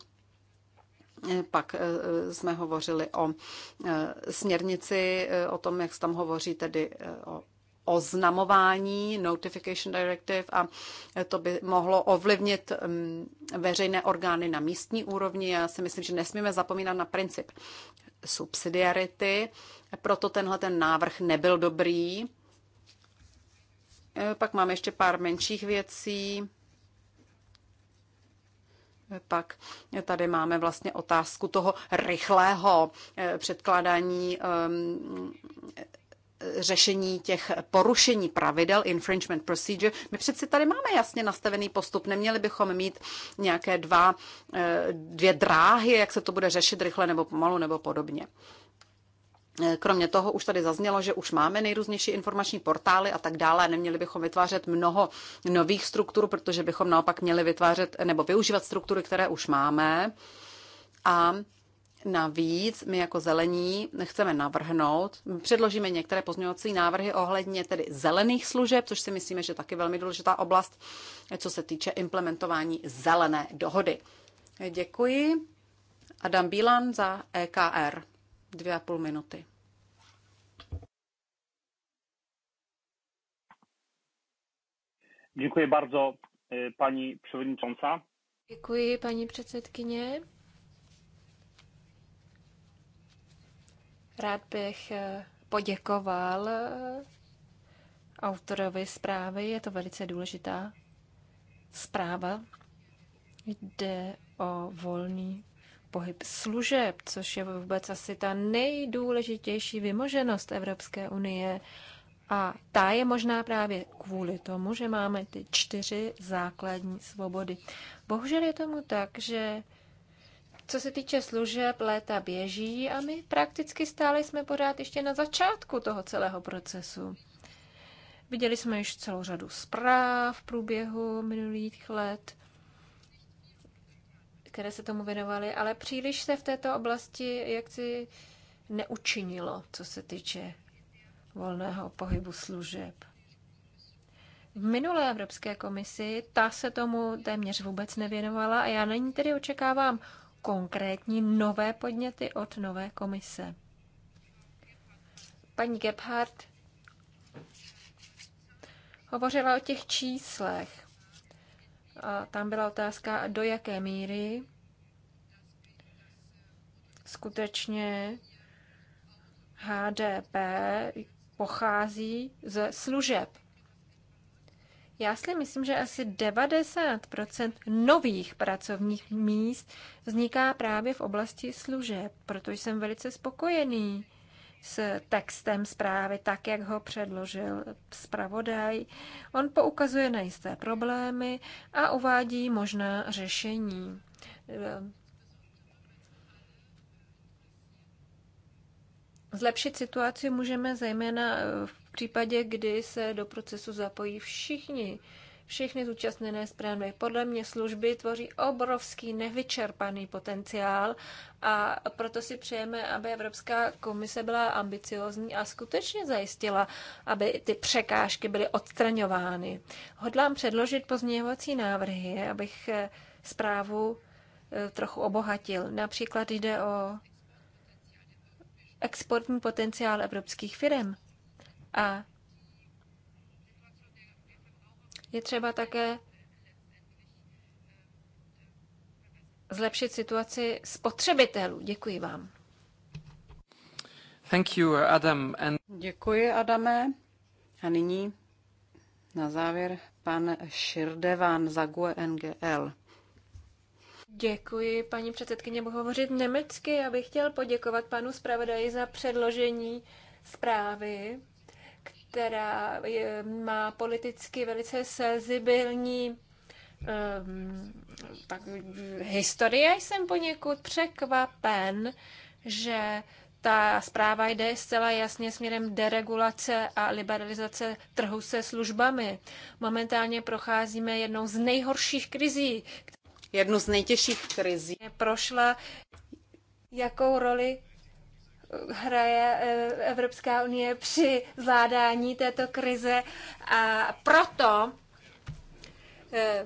Speaker 4: eh, pak eh, jsme hovořili o směrnici, o tom, jak se tam hovoří tedy o oznamování, notification directive, a to by mohlo ovlivnit mm, veřejné orgány na místní úrovni. Já si myslím, že nesmíme zapomínat na princip subsidiarity, proto tenhle ten návrh nebyl dobrý Eh, pak máme ještě pár menších věcí. Eh, pak tady máme vlastně otázku toho rychlého eh, předkládání ehm, řešení těch porušení pravidel, infringement procedure. My přeci tady máme jasně nastavený postup, neměli bychom mít nějaké dva, dvě dráhy, jak se to bude řešit rychle nebo pomalu nebo podobně. Eh, kromě toho už tady zaznělo, že už máme nejrůznější informační portály a tak dále. Neměli bychom vytvářet mnoho nových struktur, protože bychom naopak měli vytvářet nebo využívat struktury, které už máme. A Navíc my jako zelení chceme navrhnout, předložíme některé pozměňovací návrhy ohledně tedy zelených služeb, což si myslíme, že je taky velmi důležitá oblast, co se týče implementování zelené dohody. Děkuji. Adam Bílan za EKR. Dvě a půl minuty.
Speaker 1: Děkuji bardzo, eh, paní przewodnicząca.
Speaker 3: Děkuji, paní předsedkyně. Rád bych eh, poděkoval eh, autorovi zprávy. Je to velice důležitá zpráva. Jde o volný pohyb služeb, což je vůbec asi ta nejdůležitější vymoženost Evropské unie. A ta je možná právě kvůli tomu, že máme ty čtyři základní svobody. Bohužel je tomu tak, že co se týče služeb, léta běží a my prakticky stále jsme pořád ještě na začátku toho celého procesu. Viděli jsme již celou řadu zpráv v průběhu minulých let které se tomu věnovaly, ale příliš se v této oblasti jaksi neučinilo, co se týče volného pohybu služeb. V minulé Evropské komisi ta se tomu téměř vůbec nevěnovala a já na ní tedy očekávám konkrétní nové podněty od nové komise. Paní Gebhardt hovořila o těch číslech. A tam byla otázka, do jaké míry skutečně HDP pochází ze služeb. Já si myslím, že asi 90 nových pracovních míst vzniká právě v oblasti služeb, protože jsem velice spokojený s textem zprávy tak, jak ho předložil zpravodaj. On poukazuje na jisté problémy a uvádí možná řešení. Zlepšit situaci můžeme zejména v případě, kdy se do procesu zapojí všichni všechny zúčastněné strany. Podle mě služby tvoří obrovský nevyčerpaný potenciál a proto si přejeme, aby Evropská komise byla ambiciozní a skutečně zajistila, aby ty překážky byly odstraňovány. Hodlám předložit pozměňovací návrhy, abych eh, zprávu eh, trochu obohatil. Například jde o exportní potenciál evropských firm a je třeba také zlepšit situaci spotřebitelů. Děkuji vám.
Speaker 4: Thank you, Adam. And... Děkuji, Adame. A nyní na závěr pan Širdevan za GUE NGL.
Speaker 3: Děkuji, paní předsedkyně, mohu hovořit německy. Já bych chtěl poděkovat panu zpravodaji za předložení zprávy která je, má politicky velice senzibilní um, tak, historie, jsem poněkud překvapen, že ta zpráva jde zcela jasně směrem deregulace a liberalizace trhu se službami. Momentálně procházíme jednou z nejhorších krizí. Jednu
Speaker 4: z nejtěžších krizí.
Speaker 3: Prošla jakou roli hraje eh, Evropská unie při zvládání této krize a proto eh,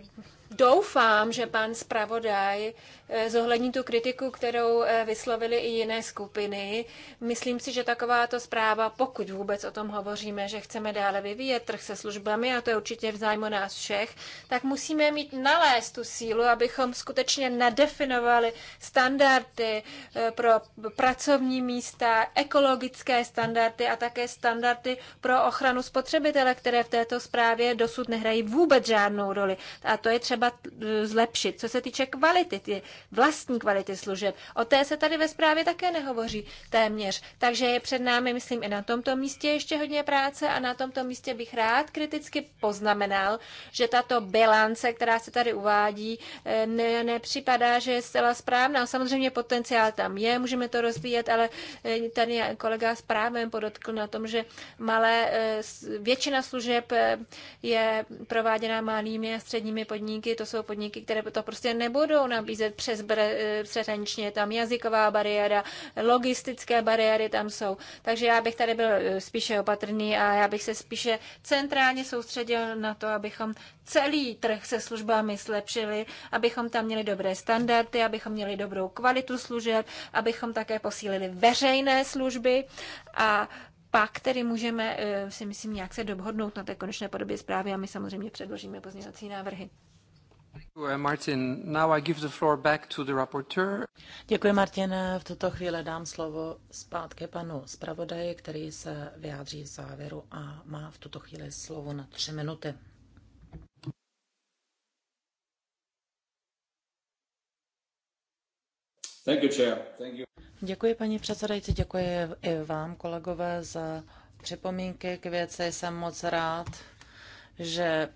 Speaker 3: Doufám, že pan zpravodaj eh, zohlední tu kritiku, kterou eh, vyslovili i jiné skupiny. Myslím si, že takováto zpráva, pokud vůbec o tom hovoříme, že chceme dále vyvíjet trh se službami, a to je určitě v zájmu nás všech, tak musíme mít nalézt tu sílu, abychom skutečně nadefinovali standardy eh, pro pracovní místa, ekologické standardy a také standardy pro ochranu spotřebitele, které v této zprávě dosud nehrají vůbec žádnou roli. A to je třeba třeba eh, zlepšit. Co se týče kvality, ty vlastní kvality služeb, o té se tady ve zprávě také nehovoří téměř. Takže je před námi, myslím, i na tomto místě ještě hodně práce a na tomto místě bych rád kriticky poznamenal, že tato bilance, která se tady uvádí, eh, ne, nepřipadá, že je zcela správná. Samozřejmě potenciál tam je, můžeme to rozvíjet, ale eh, tady kolega s právem podotkl na tom, že malé, většina služeb je prováděna malými a středními podniky, podniky, to jsou podniky, které to prostě nebudou nabízet přes eh, přeshraničně. Tam jazyková bariéra, logistické bariéry tam jsou. Takže já bych tady byl eh, spíše opatrný a já bych se spíše centrálně soustředil na to, abychom celý trh se službami zlepšili, abychom tam měli dobré standardy, abychom měli dobrou kvalitu služeb, abychom také posílili veřejné služby a pak tedy můžeme, eh, si myslím, nějak se dohodnout na té konečné podobě zprávy a my samozřejmě předložíme pozměňovací návrhy.
Speaker 2: Uh, Martin, now I give the floor back to the rapporteur. Děkuji, Martin. V tuto chvíli dám slovo zpátky panu zpravodaji, který se vyjádří v závěru a má v tuto chvíli slovo na tři minuty. Thank you, chair. Thank you. Děkuji, paní předsedající, děkuji i vám, kolegové, za připomínky k věci. Jsem moc rád, že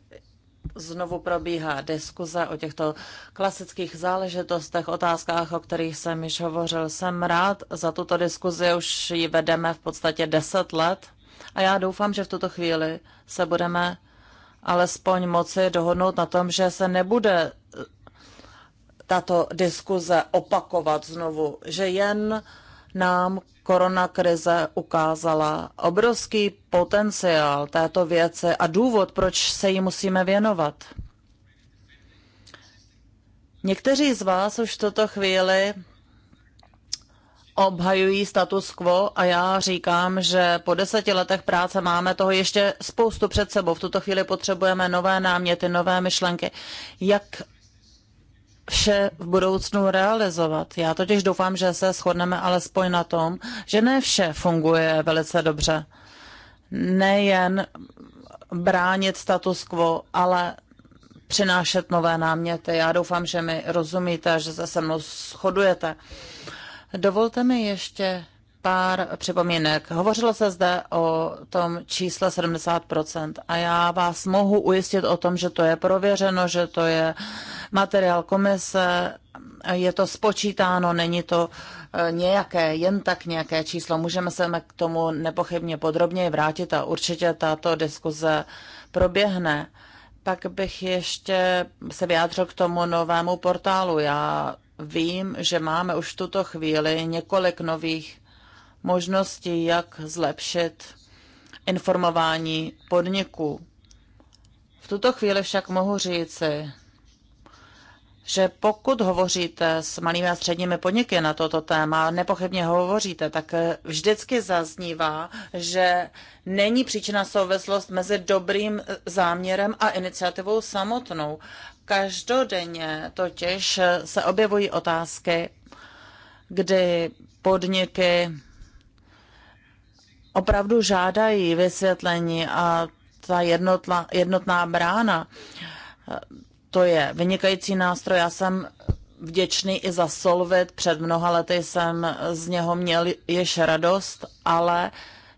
Speaker 2: znovu probíhá diskuze o těchto klasických záležitostech, otázkách, o kterých jsem již hovořil. Jsem rád za tuto diskuzi, už ji vedeme v podstatě 10 let a já doufám, že v tuto chvíli se budeme alespoň moci dohodnout na tom, že se nebude eh, tato diskuze opakovat znovu, že jen nám koronakrize ukázala obrovský potenciál této věce a důvod, proč se jí musíme věnovat. Někteří z vás už v tuto chvíli obhajují status quo a já říkám, že po deseti letech práce máme toho ještě spoustu před sebou. V tuto chvíli potřebujeme nové náměty, nové myšlenky, jak vše v budoucnu realizovat. Já totiž doufám, že se shodneme alespoň na tom, že ne vše funguje velice dobře. Nejen bránit status quo, ale přinášet nové náměty. Já doufám, že mi rozumíte, že se se mnou shodujete. Dovolte mi ještě pár připomínek. Hovořilo se zde o tom čísle 70% a já vás mohu ujistit o tom, že to je prověřeno, že to je materiál komise, je to spočítáno, není to eh, nějaké, jen tak nějaké číslo. Můžeme se k tomu nepochybně podrobněji vrátit a určitě tato diskuze proběhne. Pak bych ještě se vyjádřil k tomu novému portálu. Já vím, že máme už v tuto chvíli několik nových možnosti, jak zlepšit informování podniků. V tuto chvíli však mohu říci, že pokud hovoříte s malými a středními podniky na toto téma, nepochybně hovoříte, tak vždycky zaznívá, že není příčina souvislost mezi dobrým záměrem a iniciativou samotnou. Každodenně totiž se objevují otázky, kdy podniky opravdu žádají vysvětlení a ta jednotla, jednotná brána, to je vynikající nástroj. Já jsem vděčný i za Solvit. Před mnoha lety jsem z něho měl již radost, ale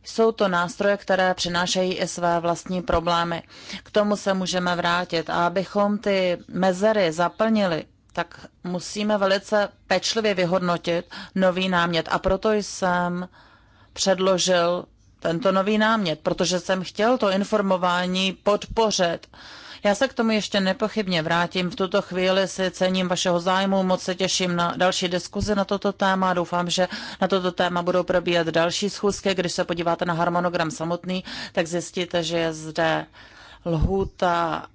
Speaker 2: jsou to nástroje, které přinášejí i své vlastní problémy. K tomu se můžeme vrátit. A abychom ty mezery zaplnili, tak musíme velice pečlivě vyhodnotit nový námět. A proto jsem předložil tento nový námět, protože jsem chtěl to informování podpořit. Já se k tomu ještě nepochybně vrátím. V tuto chvíli si cením vašeho zájmu, moc se těším na další diskuzi na toto téma. Doufám, že na toto téma budou probíhat další schůzky. Když se podíváte na harmonogram samotný, tak zjistíte, že je zde lhůta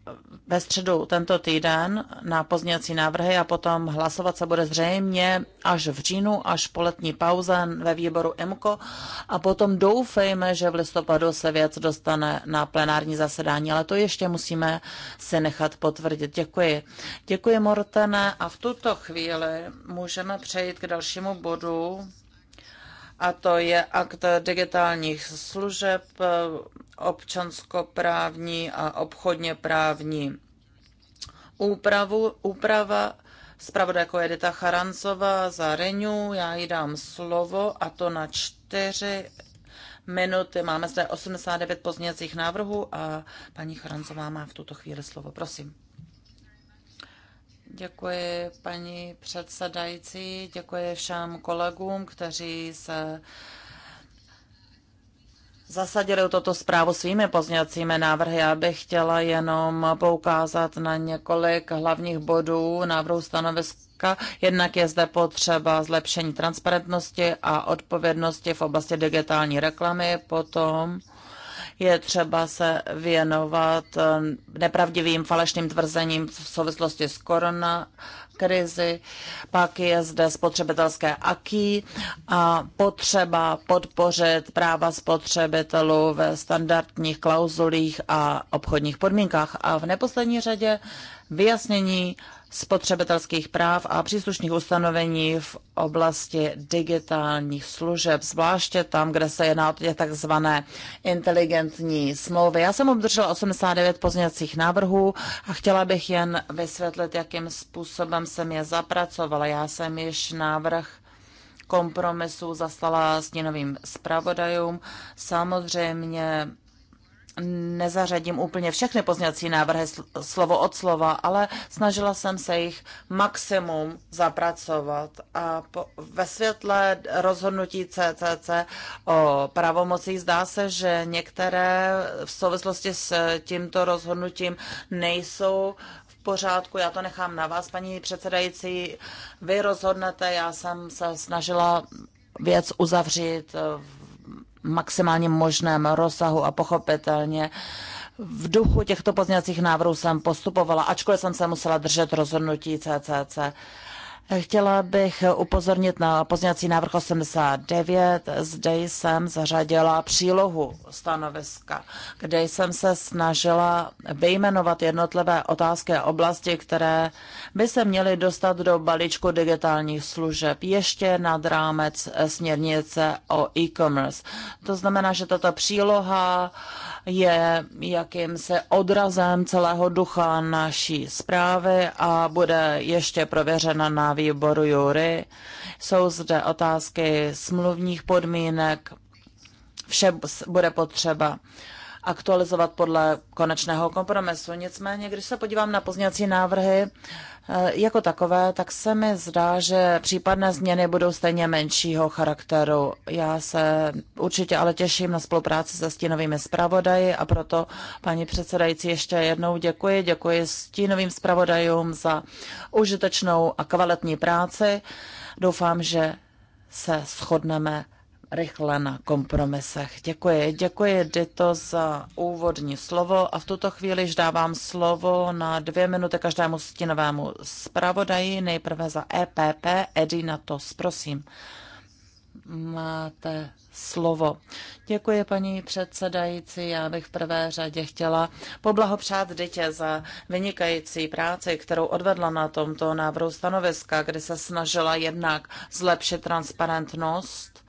Speaker 2: ve středu tento týden na pozněcí návrhy a potom hlasovat se bude zřejmě až v říjnu, až po letní pauze ve výboru EMKO a potom doufejme, že v listopadu se věc dostane na plenární zasedání, ale to ještě musíme si nechat potvrdit. Děkuji. Děkuji, Mortene, a v tuto chvíli můžeme přejít k dalšímu bodu a to je akt digitálních služeb, občanskoprávní a obchodně právní úpravu, úprava. Spravodajko Edita Charancová za Renew, já jí dám slovo a to na čtyři minuty. Máme zde 89 pozměňovacích návrhů a paní Charancová má v tuto chvíli slovo. Prosím. Děkuji paní předsedající, děkuji všem kolegům, kteří se zasadili toto zprávu svými pozněcími návrhy. Já bych chtěla jenom poukázat na několik hlavních bodů návrhu stanoviska. Jednak je zde potřeba zlepšení transparentnosti a odpovědnosti v oblasti digitální reklamy, potom je třeba se věnovat eh, nepravdivým falešným tvrzením v souvislosti s korona krizi, pak je zde spotřebitelské aký a potřeba podpořit práva spotřebitelů ve standardních klauzulích a obchodních podmínkách a v neposlední řadě vyjasnění spotřebitelských práv a příslušných ustanovení v oblasti digitálních služeb, zvláště tam, kde se jedná o tě takzvané inteligentní smlouvy. Já jsem obdržela 89 pozměňovacích návrhů a chtěla bych jen vysvětlit, jakým způsobem jsem je zapracovala. Já jsem již návrh kompromisu zaslala stínovým zpravodajům. Samozřejmě nezařadím úplně všechny pozněcí návrhy slovo od slova, ale snažila jsem se jich maximum zapracovat. A po, ve světle rozhodnutí CCC o pravomocí zdá se, že některé v souvislosti s tímto rozhodnutím nejsou v pořádku, já to nechám na vás, paní předsedající. Vy rozhodnete, já jsem se snažila věc uzavřít maximálně možném rozsahu a pochopitelně v duchu těchto pozměňovacích návrhů jsem postupovala, ačkoliv jsem se musela držet rozhodnutí CCC Chtěla bych upozornit na pozněcí návrh 89. Zde jsem zařadila přílohu stanoviska, kde jsem se snažila vyjmenovat jednotlivé otázky a oblasti, které by se měly dostat do balíčku digitálních služeb ještě nad rámec směrnice o e-commerce. To znamená, že tato příloha je jakýmsi odrazem celého ducha naší zprávy a bude ještě prověřena na výboru jury. Jsou zde otázky smluvních podmínek, vše bude potřeba aktualizovat podle konečného kompromisu. Nicméně, když se podívám na pozněcí návrhy eh, jako takové, tak se mi zdá, že případné změny budou stejně menšího charakteru. Já se určitě ale těším na spolupráci se stínovými zpravodaji a proto, paní předsedající, ještě jednou děkuji. Děkuji stínovým zpravodajům za užitečnou a kvalitní práci. Doufám, že se shodneme rychle na kompromisech. Děkuji. Děkuji, Dito, za úvodní slovo a v tuto chvíli již dávám slovo na dvě minuty každému stínovému zpravodaji, nejprve za EPP, Edi na to, prosím. Máte slovo. Děkuji, paní předsedající. Já bych v prvé řadě chtěla poblahopřát dětě za vynikající práci, kterou odvedla na tomto návrhu stanoviska, kdy se snažila jednak zlepšit transparentnost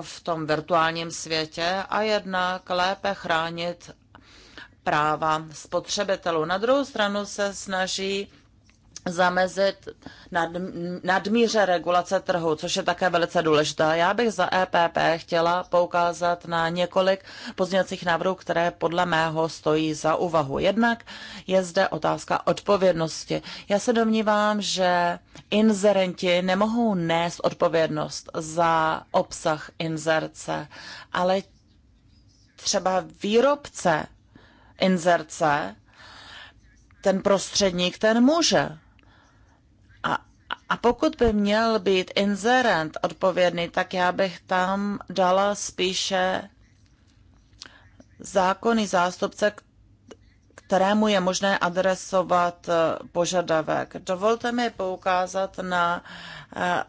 Speaker 2: v tom virtuálním světě a jednak lépe chránit práva spotřebitelů. Na druhou stranu se snaží zamezit nad, nadmíře regulace trhu, což je také velice důležité. Já bych za EPP chtěla poukázat na několik pozměňovacích návrhů, které podle mého stojí za úvahu. Jednak je zde otázka odpovědnosti. Já se domnívám, že inzerenti nemohou nést odpovědnost za obsah inzerce, ale třeba výrobce inzerce, ten prostředník, ten může a pokud by měl být inzerent odpovědný, tak já bych tam dala spíše zákonný zástupce, kterému je možné adresovat eh, požadavek. Dovolte mi poukázat na eh,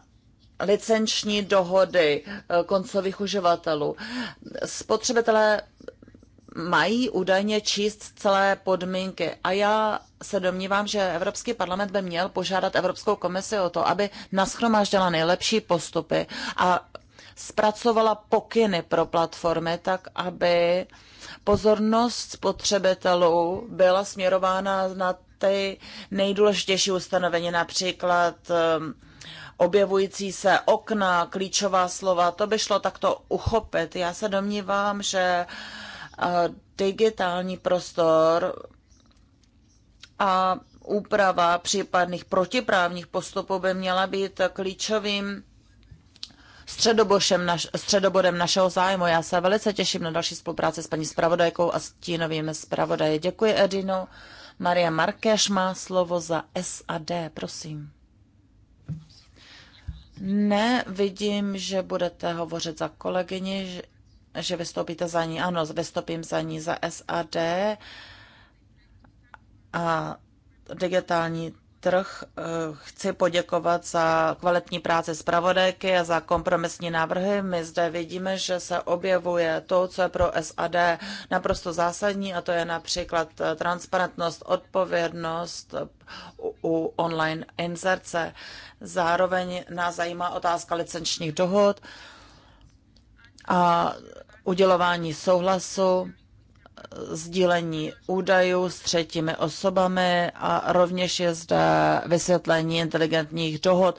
Speaker 2: licenční dohody eh, koncových uživatelů. Spotřebitelé mají údajně číst celé podmínky. A já se domnívám, že Evropský parlament by měl požádat Evropskou komisi o to, aby naschromáždila nejlepší postupy a zpracovala pokyny pro platformy tak, aby pozornost spotřebitelů byla směrována na ty nejdůležitější ustanovení, například ehm, objevující se okna, klíčová slova, to by šlo takto uchopit. Já se domnívám, že uh, digitální prostor a úprava případných protiprávních postupů by měla být klíčovým naš, středobodem našeho zájmu. Já se velice těším na další spolupráci s paní spravodajkou a stínovým zpravodaji. Děkuji Edinu. Maria Markéš má slovo za SAD, prosím. Ne, vidím, že budete hovořit za kolegyni, že vystoupíte za ní. Ano, vystoupím za ní, za SAD a digitální trh. Eh, chci poděkovat za kvalitní práci zpravodajky a za kompromisní návrhy. My zde vidíme, že se objevuje to, co je pro SAD naprosto zásadní, a to je například eh, transparentnost, odpovědnost u online inzerce. Zároveň nás zajímá otázka licenčních dohod a udělování souhlasu, sdílení údajů s třetími osobami a rovněž je zde vysvětlení inteligentních dohod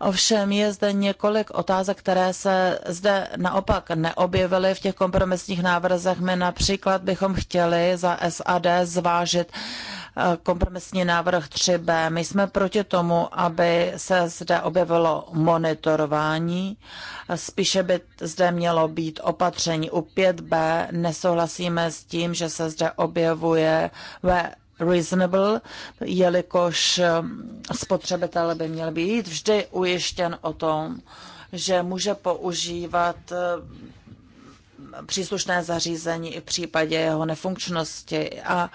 Speaker 2: Ovšem je zde několik otázek, které se zde naopak neobjevily v těch kompromisních návrzech. My například bychom chtěli za SAD zvážit eh, kompromisní návrh 3b. My jsme proti tomu, aby se zde objevilo monitorování. Spíše by zde mělo být opatření. U 5b nesouhlasíme s tím, že se zde objevuje ve reasonable, jelikož um, spotřebitel by měl být vždy ujištěn o tom, že může používat um, příslušné zařízení i v případě jeho nefunkčnosti. A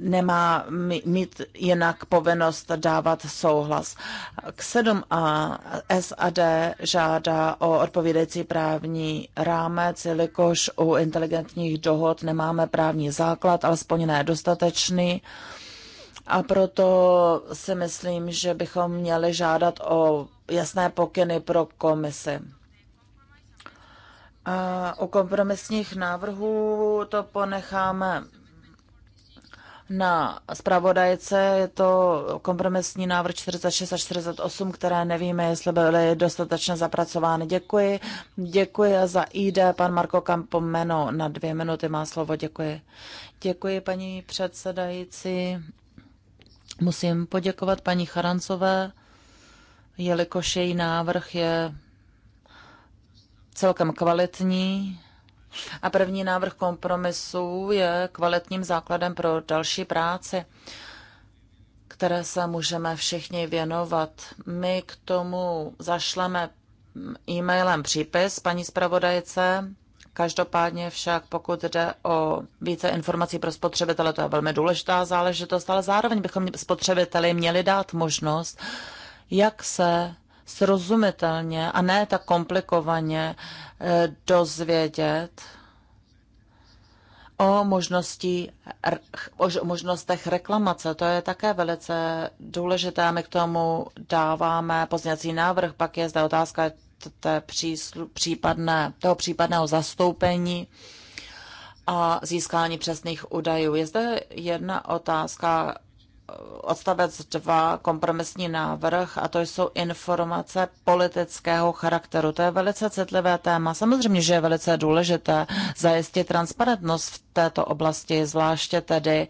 Speaker 2: nemá mít jinak povinnost dávat souhlas. K 7a SAD žádá o odpovědající právní rámec, jelikož u inteligentních dohod nemáme právní základ, alespoň ne dostatečný. A proto si myslím, že bychom měli žádat o jasné pokyny pro komisi. A u kompromisních návrhů to ponecháme na zpravodajce. Je to kompromisní návrh 46 a 48, které nevíme, jestli byly dostatečně zapracovány. Děkuji. Děkuji za ID. Pan Marko Kampomeno na dvě minuty má slovo. Děkuji. Děkuji, paní předsedající. Musím poděkovat paní Charancové, jelikož její návrh je celkem kvalitní a první návrh kompromisu je kvalitním základem pro další práci, které se můžeme všichni věnovat. My k tomu zašleme e-mailem přípis paní zpravodajce. Každopádně však, pokud jde o více informací pro spotřebitele, to je velmi důležitá záležitost, ale zároveň bychom spotřebiteli měli dát možnost, jak se srozumitelně a ne tak komplikovaně dozvědět o, možnosti, o možnostech reklamace. To je také velice důležité. My k tomu dáváme pozněcí návrh, pak je zde otázka té příslu, případné, toho případného zastoupení a získání přesných údajů. Je zde jedna otázka, odstavec 2, kompromisní návrh, a to jsou informace politického charakteru. To je velice citlivé téma. Samozřejmě, že je velice důležité zajistit transparentnost v této oblasti, zvláště tedy,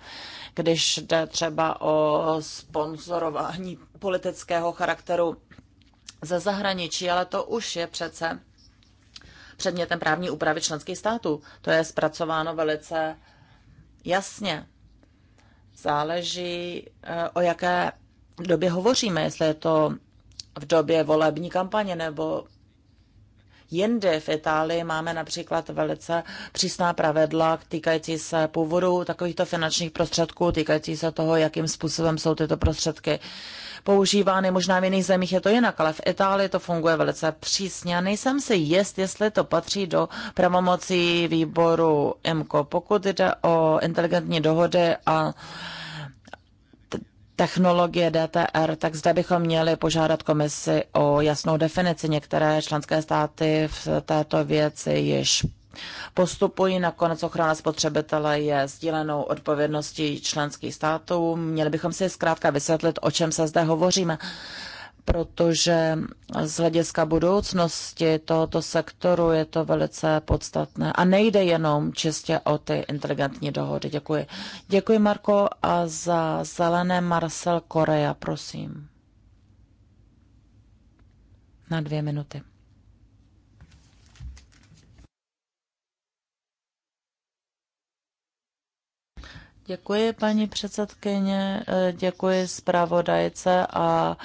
Speaker 2: když jde třeba o sponzorování politického charakteru ze zahraničí, ale to už je přece předmětem právní úpravy členských států. To je zpracováno velice jasně záleží, eh, o jaké době hovoříme, jestli je to v době volební kampaně nebo Jinde v Itálii máme například velice přísná pravidla týkající se původu takovýchto finančních prostředků, týkající se toho, jakým způsobem jsou tyto prostředky používány, možná v jiných zemích je to jinak, ale v Itálii to funguje velice přísně. Nejsem si jist, jestli to patří do pravomocí výboru MKO. Pokud jde o inteligentní dohody a technologie DTR, tak zde bychom měli požádat komisi o jasnou definici. Některé členské státy v této věci již postupují. Nakonec ochrana spotřebitele je sdílenou odpovědností členských států. Měli bychom si zkrátka vysvětlit, o čem se zde hovoříme protože z hlediska budoucnosti tohoto sektoru je to velice podstatné. A nejde jenom čistě o ty inteligentní dohody. Děkuji. Děkuji, Marko, a za zelené Marcel Korea, prosím. Na dvě minuty. Děkuji, paní předsedkyně, eh, děkuji zpravodajce a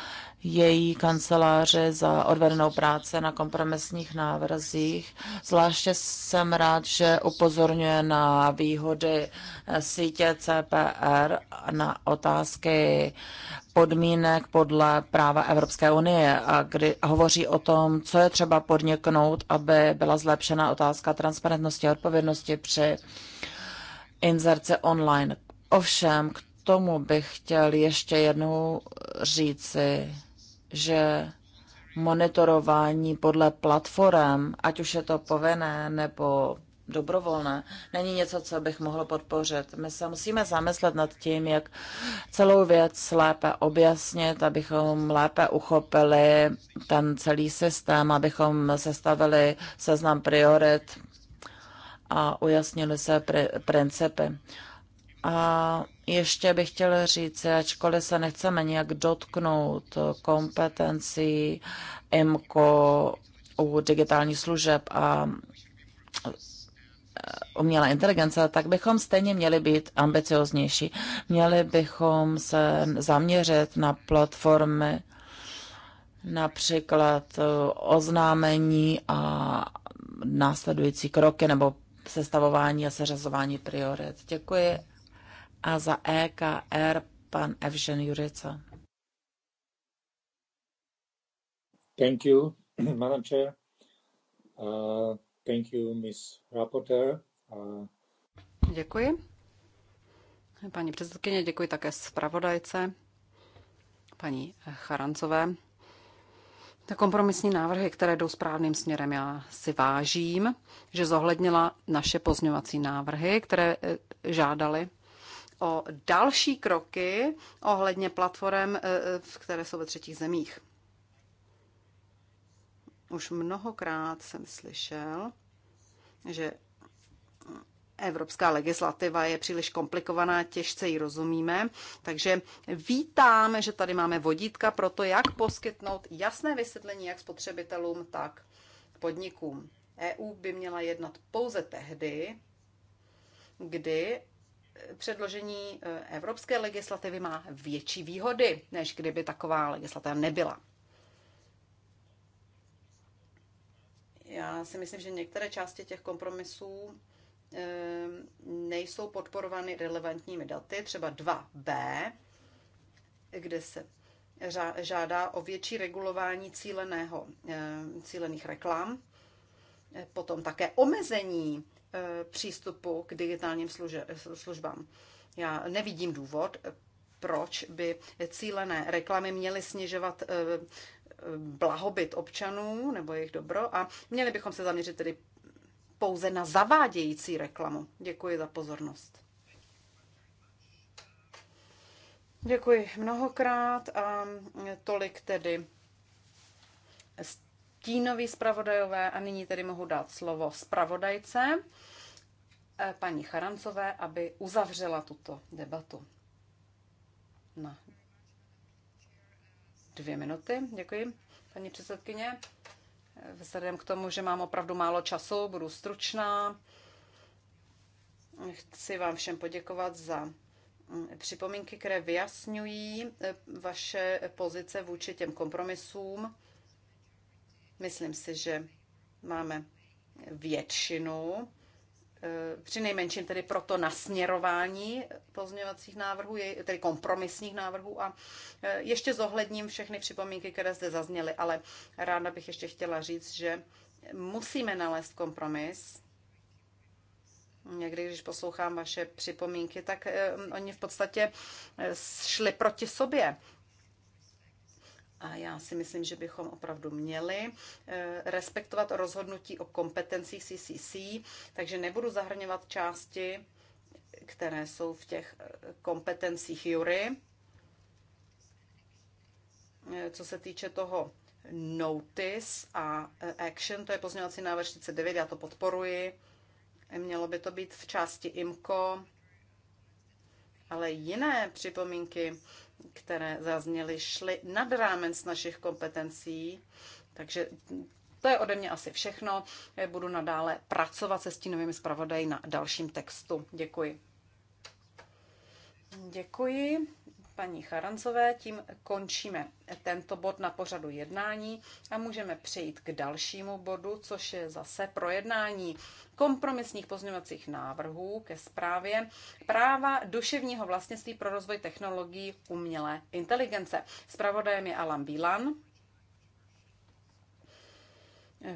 Speaker 2: její kanceláře za odvedenou práci na kompromisních návrzích. Zvláště jsem rád, že upozorňuje na výhody eh, sítě CPR na otázky podmínek podle práva Evropské unie a kdy hovoří o tom, co je třeba podniknout, aby byla zlepšena otázka transparentnosti a odpovědnosti při uh, inzerce online. Ovšem, k tomu bych chtěl ještě jednou říci, že monitorování podle platform, ať už je to povinné nebo dobrovolné, není něco, co bych mohl podpořit. My se musíme zamyslet nad tím, jak celou věc lépe objasnit, abychom lépe uchopili ten celý systém, abychom sestavili seznam priorit, a ujasnily se pr- principy. A ještě bych chtěl říct, ačkoliv se nechceme nějak dotknout kompetencí IMCO u digitálních služeb a umělá inteligence, tak bychom stejně měli být ambicioznější. Měli bychom se zaměřit na platformy, například oznámení a následující kroky nebo sestavování a seřazování priorit. Děkuji. A za EKR pan Evžen Jurica.
Speaker 1: Thank you, Madam Chair. Uh, thank you, Miss Rapporteur. Uh...
Speaker 4: Děkuji. Paní předsedkyně, děkuji také zpravodajce, paní Charancové. Ty kompromisní návrhy, které jdou správným směrem, já si vážím, že zohlednila naše pozňovací návrhy, které eh, žádali o další kroky ohledně platform, eh, eh, které jsou ve třetích zemích. Už mnohokrát jsem slyšel, že Evropská legislativa je příliš komplikovaná, těžce ji rozumíme, takže vítáme, že tady máme vodítka pro to, jak poskytnout jasné vysvětlení jak spotřebitelům, tak podnikům. EU by měla jednat pouze tehdy, kdy předložení e, evropské legislativy má větší výhody, než kdyby taková legislativa nebyla. Já si myslím, že některé části těch kompromisů Ehm, nejsou podporovány relevantními daty, třeba 2b, kde se žádá o větší regulování cíleného, ehm, cílených reklam, eh, potom také omezení eh, přístupu k digitálním službám. Já nevidím důvod, eh, proč by cílené reklamy měly snižovat blahobyt občanů nebo jejich dobro a měli bychom se zaměřit tedy pouze na zavádějící reklamu. Děkuji za pozornost. Děkuji mnohokrát a tolik tedy stínový zpravodajové a nyní tedy mohu dát slovo zpravodajce eh, paní Charancové, aby uzavřela tuto debatu. Na dvě minuty, děkuji, paní předsedkyně. Vzhledem k tomu, že mám opravdu málo času, budu stručná. Chci vám všem poděkovat za mm, připomínky, které vyjasňují eh, vaše pozice vůči těm kompromisům. Myslím si, že máme většinu Eh, při nejmenším tedy proto nasměrování pozměňovacích návrhů, tedy kompromisních návrhů a eh, ještě zohledním všechny připomínky, které zde zazněly, ale ráda bych ještě chtěla říct, že musíme nalézt kompromis. Někdy, když poslouchám vaše připomínky, tak eh, oni v podstatě šli proti sobě. A já si myslím, že bychom opravdu měli eh, respektovat rozhodnutí o kompetencích CCC, takže nebudu zahrňovat části, které jsou v těch eh, kompetencích jury. Eh, co se týče toho notice a action, to je pozměňovací návrh 49, já to podporuji. Mělo by to být v části IMCO, ale jiné připomínky které zazněly, šly nad rámec našich kompetencí. Takže to je ode mě asi všechno. Já budu nadále pracovat se stínovými zpravodaji na dalším textu. Děkuji. Děkuji paní Charancové. Tím končíme tento bod na pořadu jednání a můžeme přejít k dalšímu bodu, což je zase projednání kompromisních pozměňovacích návrhů ke zprávě práva duševního vlastnictví pro rozvoj technologií umělé inteligence. Zpravodajem je Alan Bílan.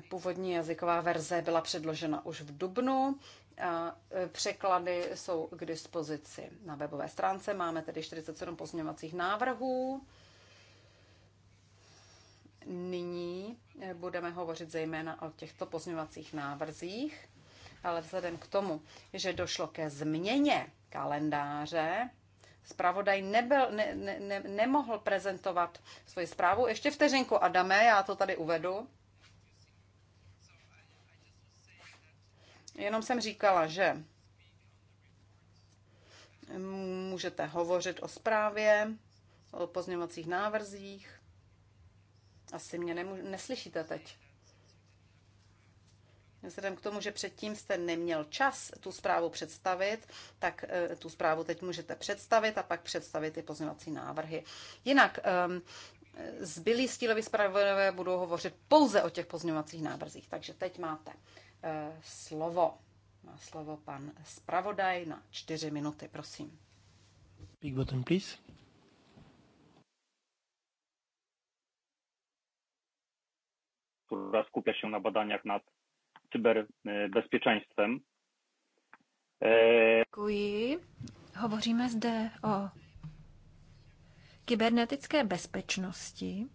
Speaker 4: Původní jazyková verze byla předložena už v dubnu. E, překlady jsou k dispozici na webové stránce. Máme tedy 47 pozměňovacích návrhů. Nyní e, budeme hovořit zejména o těchto pozměňovacích návrzích, ale vzhledem k tomu, že došlo ke změně kalendáře, zpravodaj nebyl, ne, ne, ne, nemohl prezentovat svoji zprávu. Ještě vteřinku, Adame, já to tady uvedu. Jenom jsem říkala, že můžete hovořit o zprávě, o pozměňovacích návrzích. Asi mě nemů- neslyšíte teď. Vzhledem k tomu, že předtím jste neměl čas tu zprávu představit, tak eh, tu zprávu teď můžete představit a pak představit i pozměňovací návrhy. Jinak ehm, eh, zbylí stíloví zpravodajové budou hovořit pouze o těch pozměňovacích návrzích, takže teď máte Eh, slovo. Má slovo pan zpravodaj na čtyři minuty, prosím. Big button, please.
Speaker 1: która skupia się na badaniach nad cyberbezpieczeństwem. E, e, Dziękuję.
Speaker 3: Hovoříme zde o kybernetické bezpečnosti.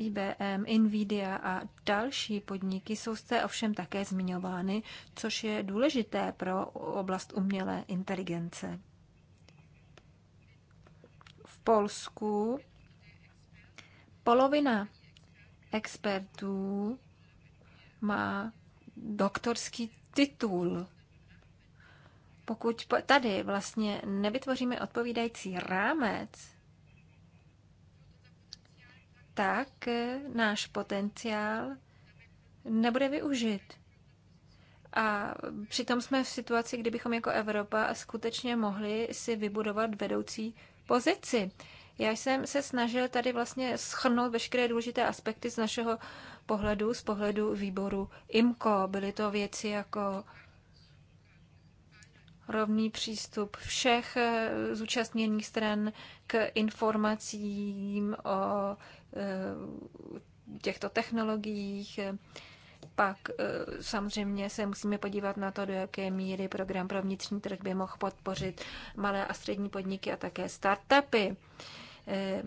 Speaker 3: IBM, Nvidia a další podniky jsou zde ovšem také zmiňovány, což je důležité pro oblast umělé inteligence. V Polsku polovina expertů má doktorský titul. Pokud tady vlastně nevytvoříme odpovídající rámec, tak náš potenciál nebude využit. A přitom jsme v situaci, kdybychom jako Evropa skutečně mohli si vybudovat vedoucí pozici. Já jsem se snažil tady vlastně schrnout veškeré důležité aspekty z našeho pohledu, z pohledu výboru IMCO. Byly to věci jako rovný přístup všech eh, zúčastněných stran k informacím o Eh, těchto technologiích. Pak eh, samozřejmě se musíme podívat na to, do jaké míry program pro vnitřní trh by mohl podpořit malé a střední podniky a také startupy. Eh,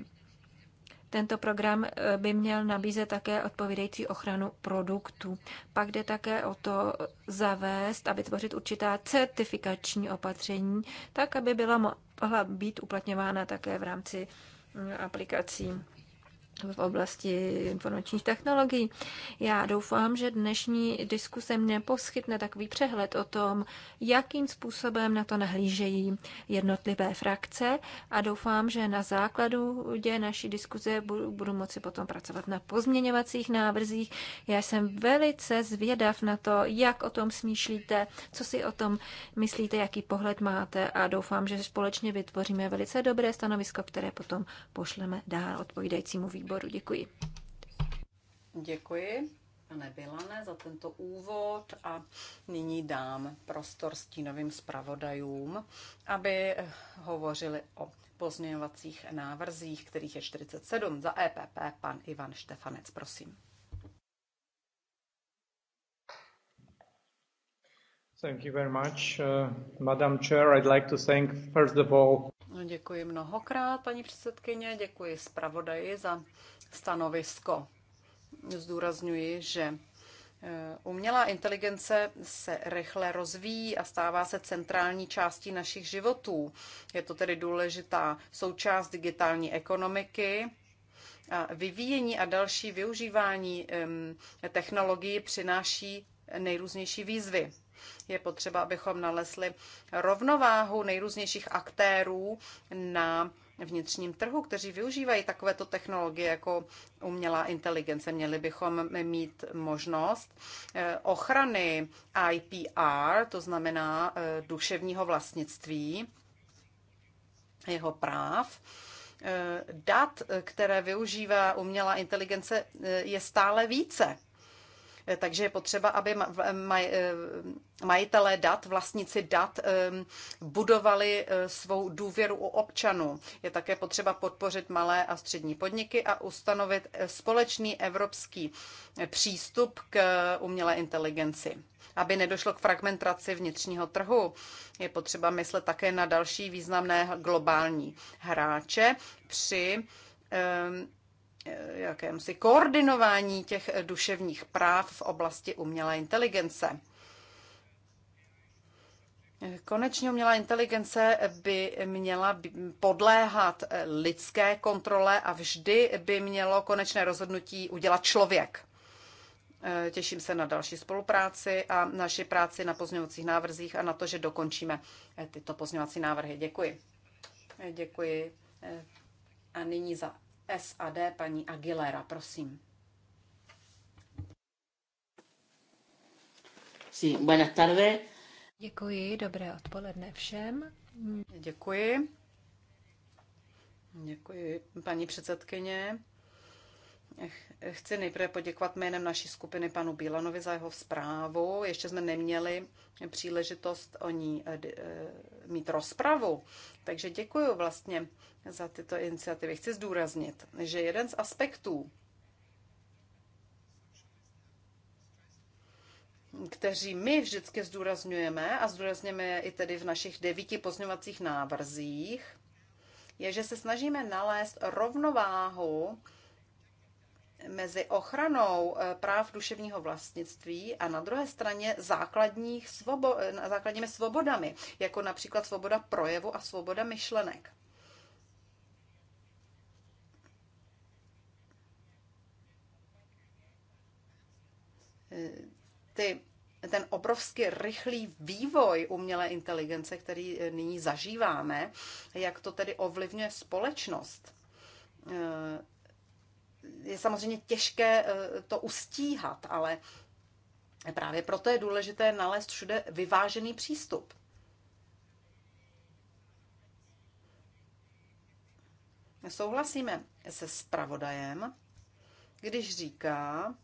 Speaker 3: tento program by měl nabízet také odpovídající ochranu produktů. Pak jde také o to zavést a vytvořit určitá certifikační opatření, tak aby byla mohla být uplatňována také v rámci mm, aplikací v oblasti informačních technologií. Já doufám, že dnešní diskuse mě poskytne takový přehled o tom, jakým způsobem na to nahlížejí jednotlivé frakce a doufám, že na základu naší diskuze budu, budu moci potom pracovat na pozměňovacích návrzích. Já jsem velice zvědav na to, jak o tom smýšlíte, co si o tom myslíte, jaký pohled máte a doufám, že společně vytvoříme velice dobré stanovisko, které potom pošleme dál odpovídajícímu výboru výboru. Děkuji.
Speaker 4: Děkuji, pane Bilane, za tento úvod a nyní dám prostor stínovým zpravodajům, aby hovořili o pozměňovacích návrzích, kterých je 47 za EPP. Pan Ivan Štefanec, prosím.
Speaker 1: Thank you very much, uh, Madam Chair. I'd like to thank first of all.
Speaker 4: No, děkuji mnohokrát, paní předsedkyně, děkuji zpravodaji za stanovisko. Zdůrazňuji, že eh, Umělá inteligence se rychle rozvíjí a stává se centrální částí našich životů. Je to tedy důležitá součást digitální ekonomiky. A vyvíjení a další využívání technologií přináší nejrůznější výzvy. Je potřeba, abychom nalesli rovnováhu nejrůznějších aktérů na vnitřním trhu, kteří využívají takovéto technologie jako umělá inteligence. Měli bychom mít možnost eh, ochrany IPR, to znamená eh, duševního vlastnictví, jeho práv. Eh, dat, které využívá umělá inteligence, je stále více. Takže je potřeba, aby eh, majitelé dat, vlastníci dat ehm, budovali eh, svou důvěru u občanů. Je také potřeba podpořit malé a střední podniky a ustanovit eh, společný evropský přístup k umělé inteligenci. Aby nedošlo k fragmentaci vnitřního trhu, je potřeba myslet také na další významné globální hráče při ehm, Eh, jakémsi koordinování těch duševních práv v oblasti umělé inteligence. Konečně umělá inteligence by měla podléhat eh, lidské kontrole a vždy by mělo konečné rozhodnutí udělat člověk. Eh, těším se na další spolupráci a naši práci na pozměňovacích návrzích a na to, že dokončíme tyto pozměňovací návrhy. Děkuji. Děkuji. A nyní za SAD paní Aguilera, prosím. Sí, buenas tardes.
Speaker 3: Děkuji, dobré odpoledne všem.
Speaker 4: Děkuji. Děkuji, paní předsedkyně. Chci nejprve poděkovat jménem naší skupiny panu Bílanovi za jeho zprávu. Ještě jsme neměli příležitost o ní eh, eh, mít rozpravu, takže děkuji vlastně za tyto iniciativy. Chci zdůraznit, že jeden z aspektů, kteří my vždycky zdůrazňujeme a zdůrazněme i tedy v našich devíti pozňovacích návrzích, je, že se snažíme nalézt rovnováhu mezi ochranou eh, práv duševního vlastnictví a na druhé straně základních svobo, eh, základními svobodami, jako například svoboda projevu a svoboda myšlenek. Eh, ty, ten obrovský rychlý vývoj umělé inteligence, který nyní zažíváme, jak to tedy ovlivňuje společnost je samozřejmě těžké eh, to ustíhat, ale právě proto je důležité nalézt všude vyvážený přístup. Souhlasíme se spravodajem, když říká,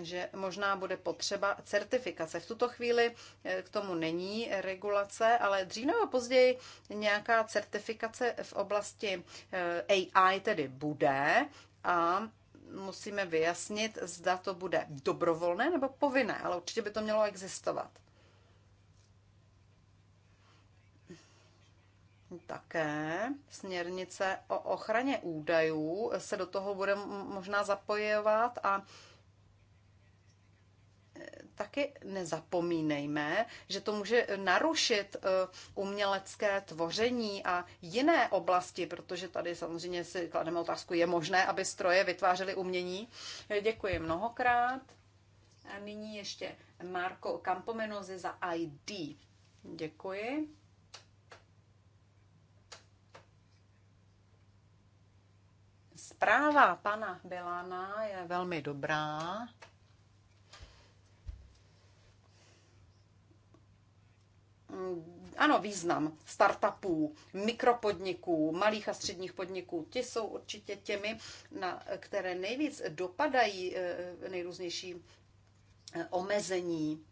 Speaker 4: že možná bude potřeba certifikace. V tuto chvíli eh, k tomu není regulace, ale dřív nebo později nějaká certifikace v oblasti eh, AI tedy bude a musíme vyjasnit, zda to bude dobrovolné nebo povinné, ale určitě by to mělo existovat. Také směrnice o ochraně údajů se do toho bude možná zapojovat a taky nezapomínejme, že to může narušit eh, umělecké tvoření a jiné oblasti, protože tady samozřejmě si klademe otázku, je možné, aby stroje vytvářely umění. Děkuji mnohokrát. A nyní ještě Marko Campomenozi za ID. Děkuji. Zpráva pana Bilana je velmi dobrá. Mm, ano, význam startupů, mikropodniků, malých a středních podniků, ti jsou určitě těmi, na které nejvíc dopadají eh, nejrůznější eh, omezení.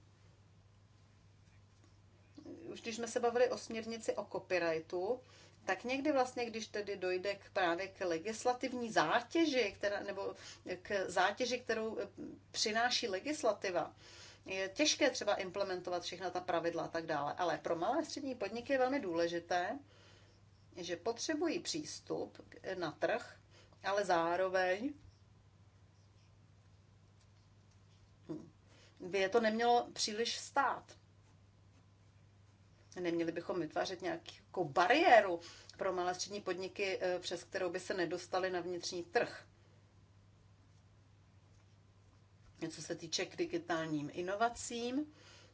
Speaker 4: Už když jsme se bavili o směrnici o copyrightu, tak někdy vlastně, když tedy dojde k právě k legislativní zátěži, která, nebo k zátěži, kterou eh, přináší legislativa, je těžké třeba implementovat všechna ta pravidla a tak dále, ale pro malé a střední podniky je velmi důležité, že potřebují přístup na trh, ale zároveň by je to nemělo příliš stát. Neměli bychom vytvářet nějakou bariéru pro malé střední podniky, eh, přes kterou by se nedostali na vnitřní trh co se týče k digitálním inovacím.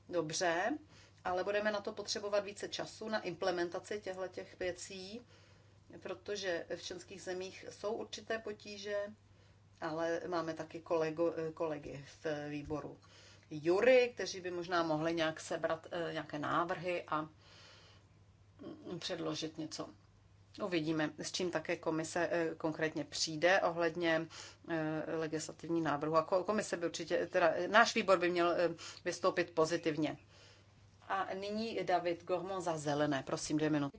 Speaker 4: Dobře, ale budeme na to potřebovat více času, na implementaci těchto těch věcí, protože v členských zemích jsou určité potíže, ale máme taky kolego, kolegy v výboru jury, kteří by možná mohli nějak sebrat eh, nějaké návrhy a mm, předložit něco. Uvidíme, s čím také komise eh, konkrétně přijde ohledně eh, legislativní návrhu. A komise by určitě, teda náš výbor by měl eh, vystoupit pozitivně. A nyní David Gohmo za zelené. Prosím, dvě minuty.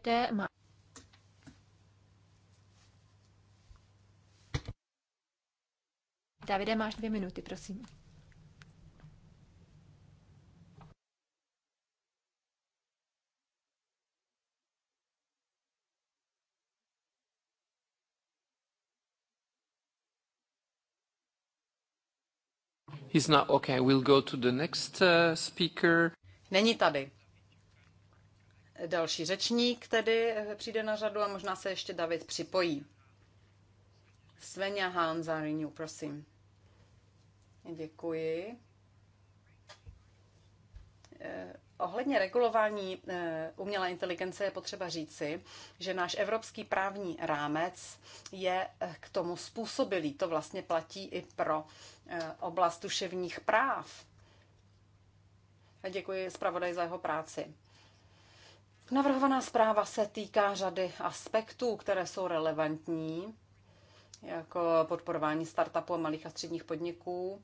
Speaker 3: Davide, máš dvě minuty, prosím.
Speaker 1: He's not okay. We'll go to the next uh, speaker.
Speaker 4: Není tady. Další řečník tedy eh, přijde na řadu a možná se ještě David připojí. Svenja Hanzarinu, prosím. Děkuji. Eh, Ohledně regulování eh, umělé inteligence je potřeba říci, že náš evropský právní rámec je eh, k tomu způsobilý. To vlastně platí i pro eh, oblast duševních práv. A děkuji zpravodaj za jeho práci. Navrhovaná zpráva se týká řady aspektů, které jsou relevantní, jako podporování startupů a malých a středních podniků,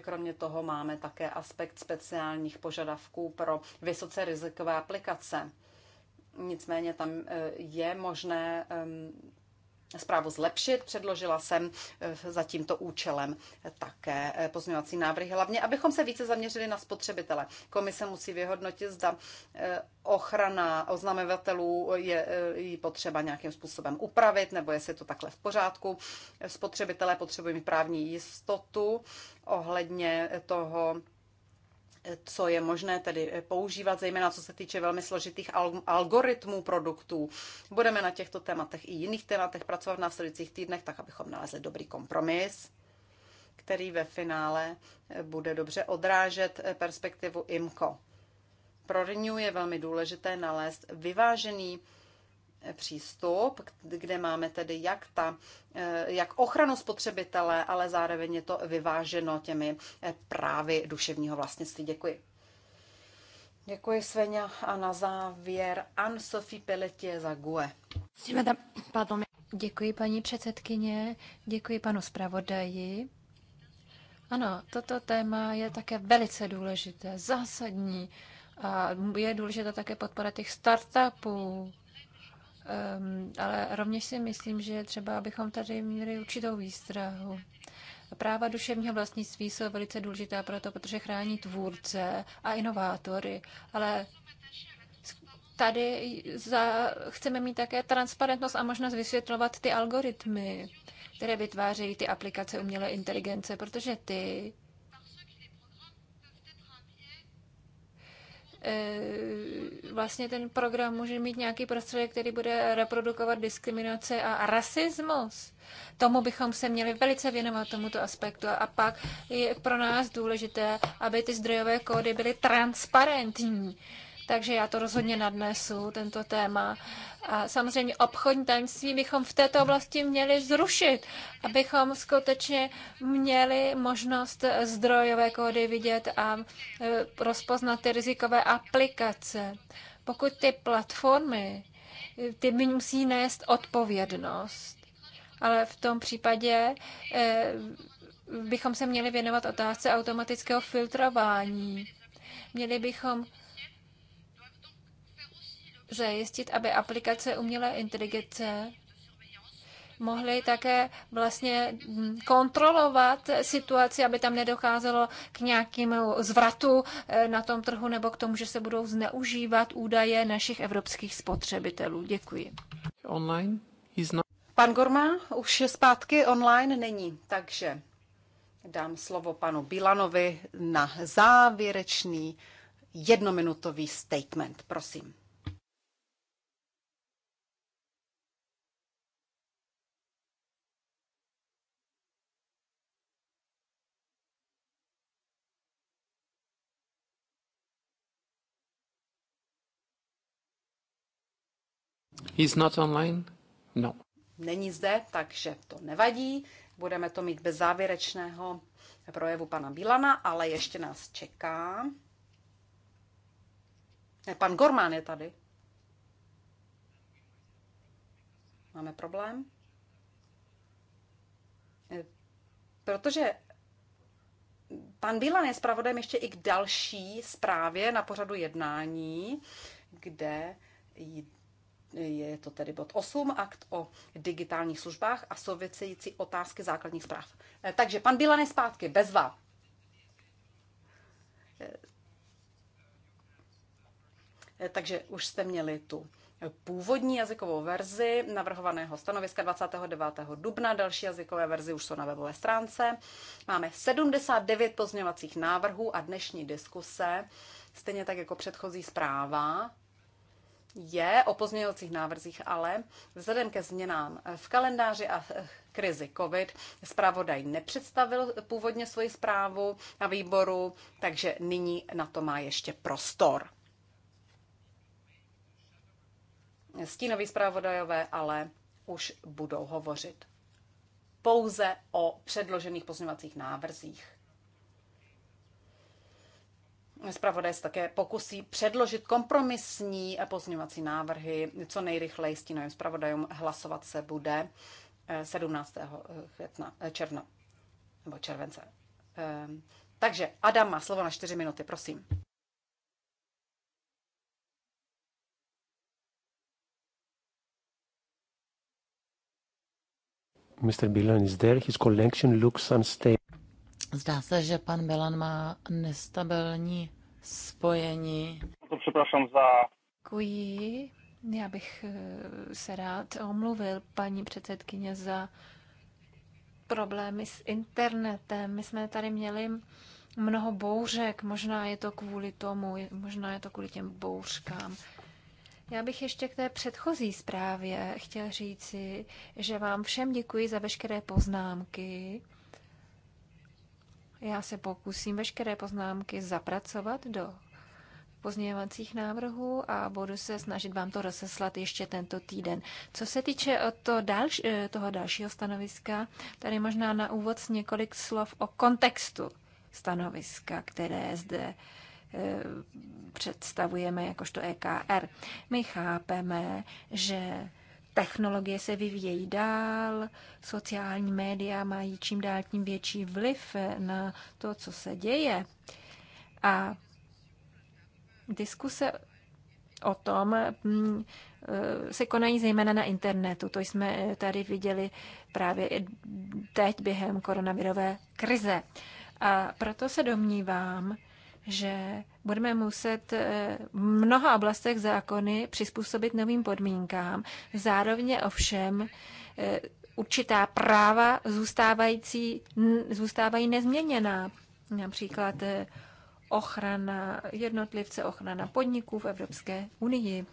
Speaker 4: Kromě toho máme také aspekt speciálních požadavků pro vysoce rizikové aplikace. Nicméně tam eh, je možné ehm, zprávu zlepšit. Předložila jsem eh, za tímto účelem také eh, pozměňovací návrhy, hlavně abychom se více zaměřili na spotřebitele. Komise musí vyhodnotit, zda eh, ochrana oznamovatelů je ji potřeba nějakým způsobem upravit, nebo jestli je to takhle v pořádku. Spotřebitelé potřebují právní jistotu ohledně toho, co je možné tedy eh, používat, zejména co se týče velmi složitých algoritmů produktů. Budeme na těchto tématech i jiných tématech pracovat v následujících týdnech, tak abychom nalezli dobrý kompromis který ve finále eh, bude dobře odrážet eh, perspektivu IMCO. Pro Renew je velmi důležité nalézt vyvážený přístup, kde máme tedy jak, ta, eh, jak ochranu spotřebitele, ale zároveň je to vyváženo těmi eh, právy duševního vlastnictví. Děkuji. Děkuji, Svenja. A na závěr Anne-Sophie Pelletier za GUE.
Speaker 3: Děkuji, paní předsedkyně. Děkuji panu zpravodaji. Ano, toto téma je také velice důležité, zásadní. A je důležité také podpora těch startupů, Um, ale rovněž si myslím, že třeba abychom tady měli určitou výstrahu. Práva duševního vlastnictví jsou velice důležitá proto, protože chrání tvůrce a inovátory, ale tady za, chceme mít také transparentnost a možnost vysvětlovat ty algoritmy, které vytvářejí ty aplikace umělé inteligence, protože ty Eh, vlastně ten program může mít nějaký prostředek, který bude reprodukovat diskriminace a rasismus. Tomu bychom se měli velice věnovat tomuto aspektu. A pak je pro nás důležité, aby ty zdrojové kódy byly transparentní takže já to rozhodně nadnesu, tento téma. A samozřejmě obchodní tajemství bychom v této oblasti měli zrušit, abychom skutečně měli možnost zdrojové kódy vidět a e, rozpoznat ty rizikové aplikace. Pokud ty platformy, e, ty by musí nést odpovědnost, ale v tom případě e, bychom se měli věnovat otázce automatického filtrování. Měli bychom zajistit, aby aplikace umělé inteligence mohly také vlastně hm, kontrolovat situaci, aby tam nedocházelo k nějakému zvratu eh, na tom trhu nebo k tomu, že se budou zneužívat
Speaker 4: údaje našich evropských spotřebitelů. Děkuji.
Speaker 1: Online? not...
Speaker 4: Pan Gorma už je zpátky online není, takže dám slovo panu Bilanovi na závěrečný jednominutový statement. Prosím.
Speaker 2: He's not online? No.
Speaker 4: Není zde, takže to nevadí. Budeme to mít bez závěrečného projevu pana Bílana, ale ještě nás čeká. Ne, pan Gormán je tady. Máme problém? Eh, protože pan Bílan je zpravodajem ještě i k další zprávě na pořadu jednání, kde je to tedy bod 8, akt o digitálních službách a související otázky základních zpráv. Eh, takže pan Bílan je zpátky, bezva. Eh, eh, takže už jste měli tu původní jazykovou verzi navrhovaného stanoviska 29. dubna. Další jazykové verzi už jsou na webové stránce. Máme 79 pozměňovacích návrhů a dnešní diskuse, stejně tak jako předchozí zpráva, je o pozměňovacích návrzích, ale vzhledem ke změnám v kalendáři a krizi COVID zpravodaj nepředstavil původně svoji zprávu na výboru, takže nyní na to má ještě prostor. Stínoví zpravodajové ale už budou hovořit pouze o předložených pozměňovacích návrzích. Spravodaj se také pokusí předložit kompromisní pozměňovací návrhy co nejrychleji s tím zpravodajům. Hlasovat se bude 17. Eh, eh, května, eh, června nebo července. Takže Adam má slovo na 4 minuty, prosím.
Speaker 1: Mr. Bilan is there. His collection looks unstable.
Speaker 2: Zdá se, že pan Milan má nestabilní spojení. To přepraszam za...
Speaker 3: Děkuji. Já bych eh, se rád omluvil paní předsedkyně za problémy s internetem. My jsme tady měli mnoho bouřek, možná je to kvůli tomu, možná je to kvůli těm bouřkám. Já bych ještě k té předchozí zprávě chtěl říci, že vám všem děkuji za veškeré poznámky já se pokusím veškeré poznámky zapracovat do pozměňovacích návrhů a budu se snažit vám to rozeslat ještě tento týden. Co se týče eh, to dalš, eh, toho dalšího stanoviska, tady možná na úvod několik slov o kontextu stanoviska, které zde eh, představujeme jakožto EKR. My chápeme, že Technologie se vyvíjejí dál, sociální média mají čím dál tím větší vliv na to, co se děje. A diskuse o tom mm, eh, se konají zejména na internetu. To jsme tady viděli právě teď během koronavirové krize. A proto se domnívám, že budeme muset eh, v mnoha oblastech zákony přizpůsobit novým podmínkám. Zároveň ovšem eh, určitá práva zůstávající, zůstávají nezměněná. Například eh, ochrana jednotlivce, ochrana podniků v Evropské unii.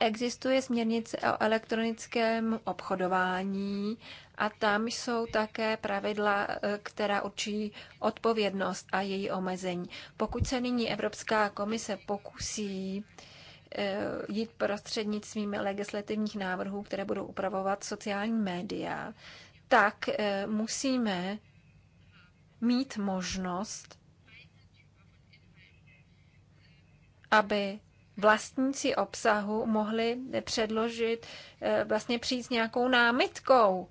Speaker 3: Existuje směrnice o elektronickém obchodování a tam jsou také pravidla, e, která určí odpovědnost a její omezení. Pokud se nyní Evropská komise pokusí e, jít prostřednictvím legislativních návrhů, které budou upravovat sociální média, tak e, musíme mít možnost, aby vlastníci obsahu mohli předložit, eh, vlastně přijít s nějakou námitkou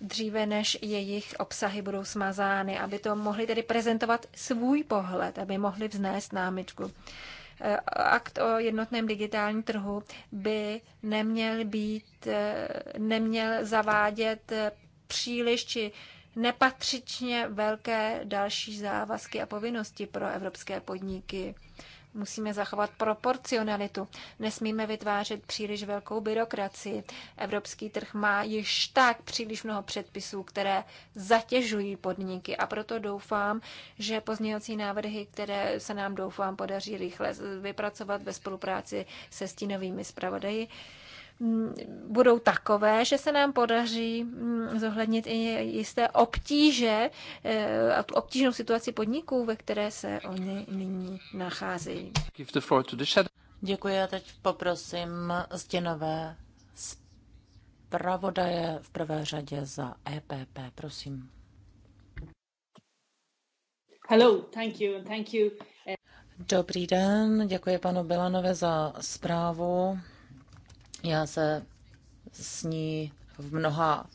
Speaker 3: dříve, než jejich obsahy budou smazány, aby to mohli tedy prezentovat svůj pohled, aby mohli vznést námitku. Eh, akt o jednotném digitálním trhu by neměl být, eh, neměl zavádět příliš či nepatřičně velké další závazky a povinnosti pro evropské podniky. Musíme zachovat proporcionalitu. Nesmíme vytvářet příliš velkou byrokracii. Evropský trh má již tak příliš mnoho předpisů, které zatěžují podniky a proto doufám, že pozměňovací návrhy, které se nám doufám podaří rychle vypracovat ve spolupráci se stínovými zpravodaji, Mm, budou takové, že se nám podaří mm, zohlednit i jisté obtíže eh, a tu obtížnou situaci podniků, ve které se oni nyní nacházejí.
Speaker 2: Děkuji a teď poprosím stěnové zpravodaje v prvé řadě za EPP, prosím. Hello,
Speaker 1: thank you and thank you.
Speaker 2: Dobrý den, děkuji panu Bilanovi za zprávu. Já se s ní v mnoha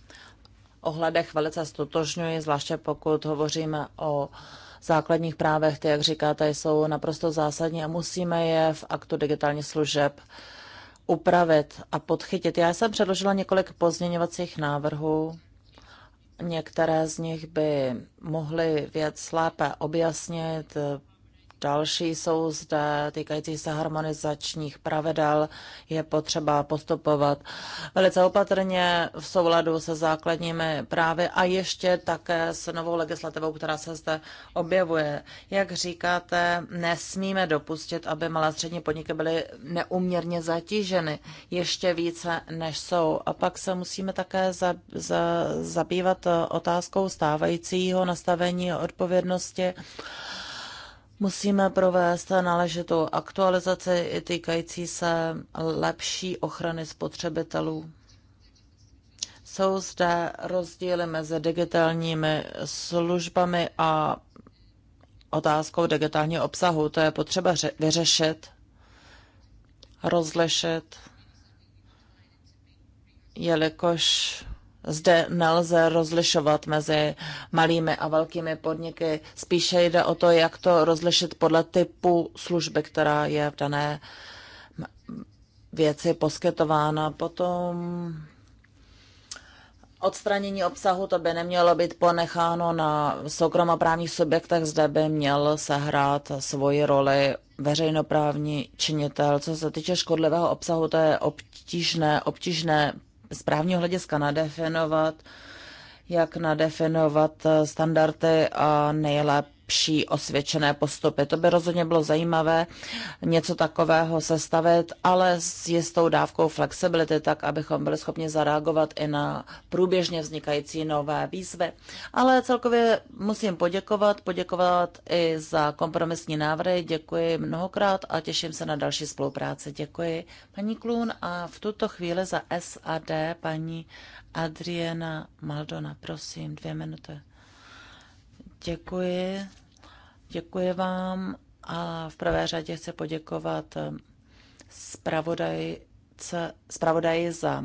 Speaker 2: ohledech velice stotožňuji, zvláště pokud hovoříme o základních právech, ty, jak říkáte, jsou naprosto zásadní a musíme je v aktu digitálních služeb upravit a podchytit. Já jsem předložila několik pozměňovacích návrhů. Některé z nich by mohly věc lépe objasnit, Další jsou zde týkající se harmonizačních pravidel. Je potřeba postupovat velice opatrně v souladu se základními právy a ještě také s novou legislativou, která se zde objevuje. Jak říkáte, nesmíme dopustit, aby malé střední podniky byly neuměrně zatíženy ještě více, než jsou. A pak se musíme také za, za, zabývat otázkou stávajícího nastavení odpovědnosti Musíme provést náležitou aktualizaci týkající se lepší ochrany spotřebitelů. Jsou zde rozdíly mezi digitálními službami a otázkou digitálního obsahu. To je potřeba vyřešit, rozlišit, jelikož zde nelze rozlišovat mezi malými a velkými podniky. Spíše jde o to, jak to rozlišit podle typu služby, která je v dané věci poskytována. Potom odstranění obsahu, to by nemělo být ponecháno na soukromoprávních subjektech, zde by měl sehrát svoji roli veřejnoprávní činitel. Co se týče škodlivého obsahu, to je obtížné, obtížné z právního hlediska nadefinovat, jak nadefinovat standardy a nejlépe lepší osvědčené postupy. To by rozhodně bylo zajímavé něco takového sestavit, ale s jistou dávkou flexibility, tak abychom byli schopni zareagovat i na průběžně vznikající nové výzvy. Ale celkově musím poděkovat, poděkovat i za kompromisní návrhy. Děkuji mnohokrát a těším se na další spolupráci. Děkuji paní Klun a v tuto chvíli za SAD paní Adriana Maldona. Prosím, dvě minuty. Děkuji. Děkuji vám a v prvé řadě chci poděkovat eh, zpravodajce, zpravodaji za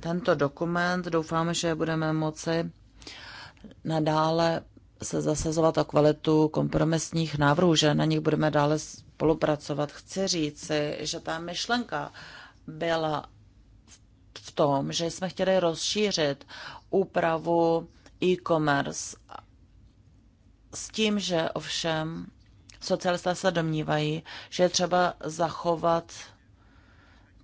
Speaker 2: tento dokument. Doufám, že budeme moci nadále se zasazovat o kvalitu kompromisních návrhů, že na nich budeme dále spolupracovat. Chci říci, že ta myšlenka byla v tom, že jsme chtěli rozšířit úpravu e-commerce s tím, že ovšem socialisté se domnívají, že je třeba zachovat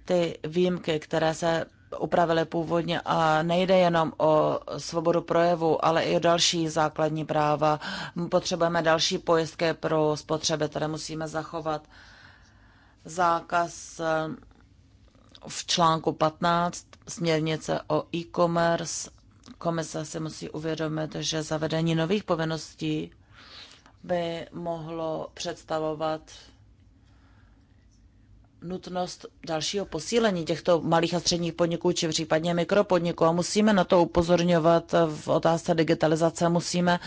Speaker 2: ty výjimky, které se upravily původně a nejde jenom o svobodu projevu, ale i o další základní práva. Potřebujeme další pojistky pro spotřeby, které musíme zachovat zákaz eh, v článku 15 směrnice o e-commerce. Komise si musí uvědomit, že zavedení nových povinností by mohlo představovat nutnost dalšího posílení těchto malých a středních podniků, či případně mikropodniků. A musíme na to upozorňovat v otázce digitalizace. Musíme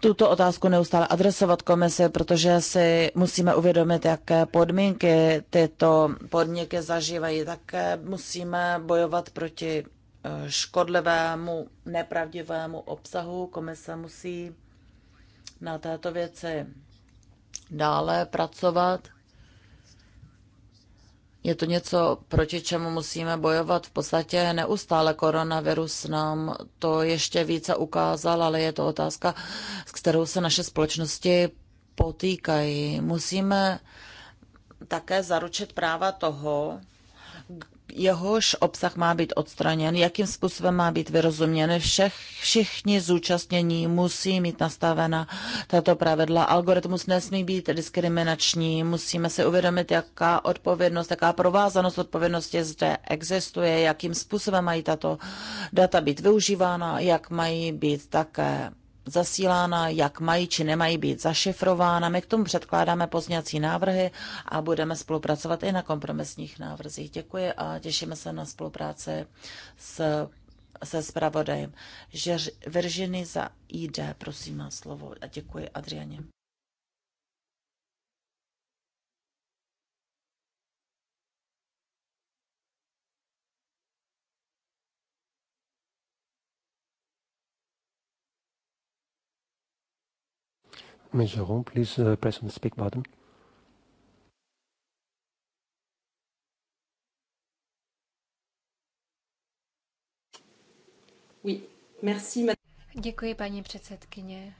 Speaker 2: tuto otázku neustále adresovat komise, protože si musíme uvědomit, jaké podmínky tyto podniky zažívají. Také musíme bojovat proti eh, škodlivému, nepravdivému obsahu. Komise musí na této věci dále pracovat. Je to něco, proti čemu musíme bojovat. V podstatě neustále koronavirus nám to ještě více ukázal, ale je to otázka, s kterou se naše společnosti potýkají. Musíme také zaručit práva toho, jehož obsah má být odstraněn, jakým způsobem má být vyrozuměn. Všech, všichni zúčastnění musí mít nastavena tato pravidla. Algoritmus nesmí být diskriminační. Musíme si uvědomit, jaká odpovědnost, jaká provázanost odpovědnosti zde existuje, jakým způsobem mají tato data být využívána, jak mají být také zasílána, jak mají či nemají být zašifrována. My k tomu předkládáme pozněcí návrhy a budeme spolupracovat i na kompromisních návrzích. Děkuji a těšíme se na spolupráci s, se zpravodajem. Virginie za ID, prosím, má slovo a děkuji Adrianě.
Speaker 1: Ms. please uh, press on the speak button.
Speaker 3: Děkuji, paní předsedkyně.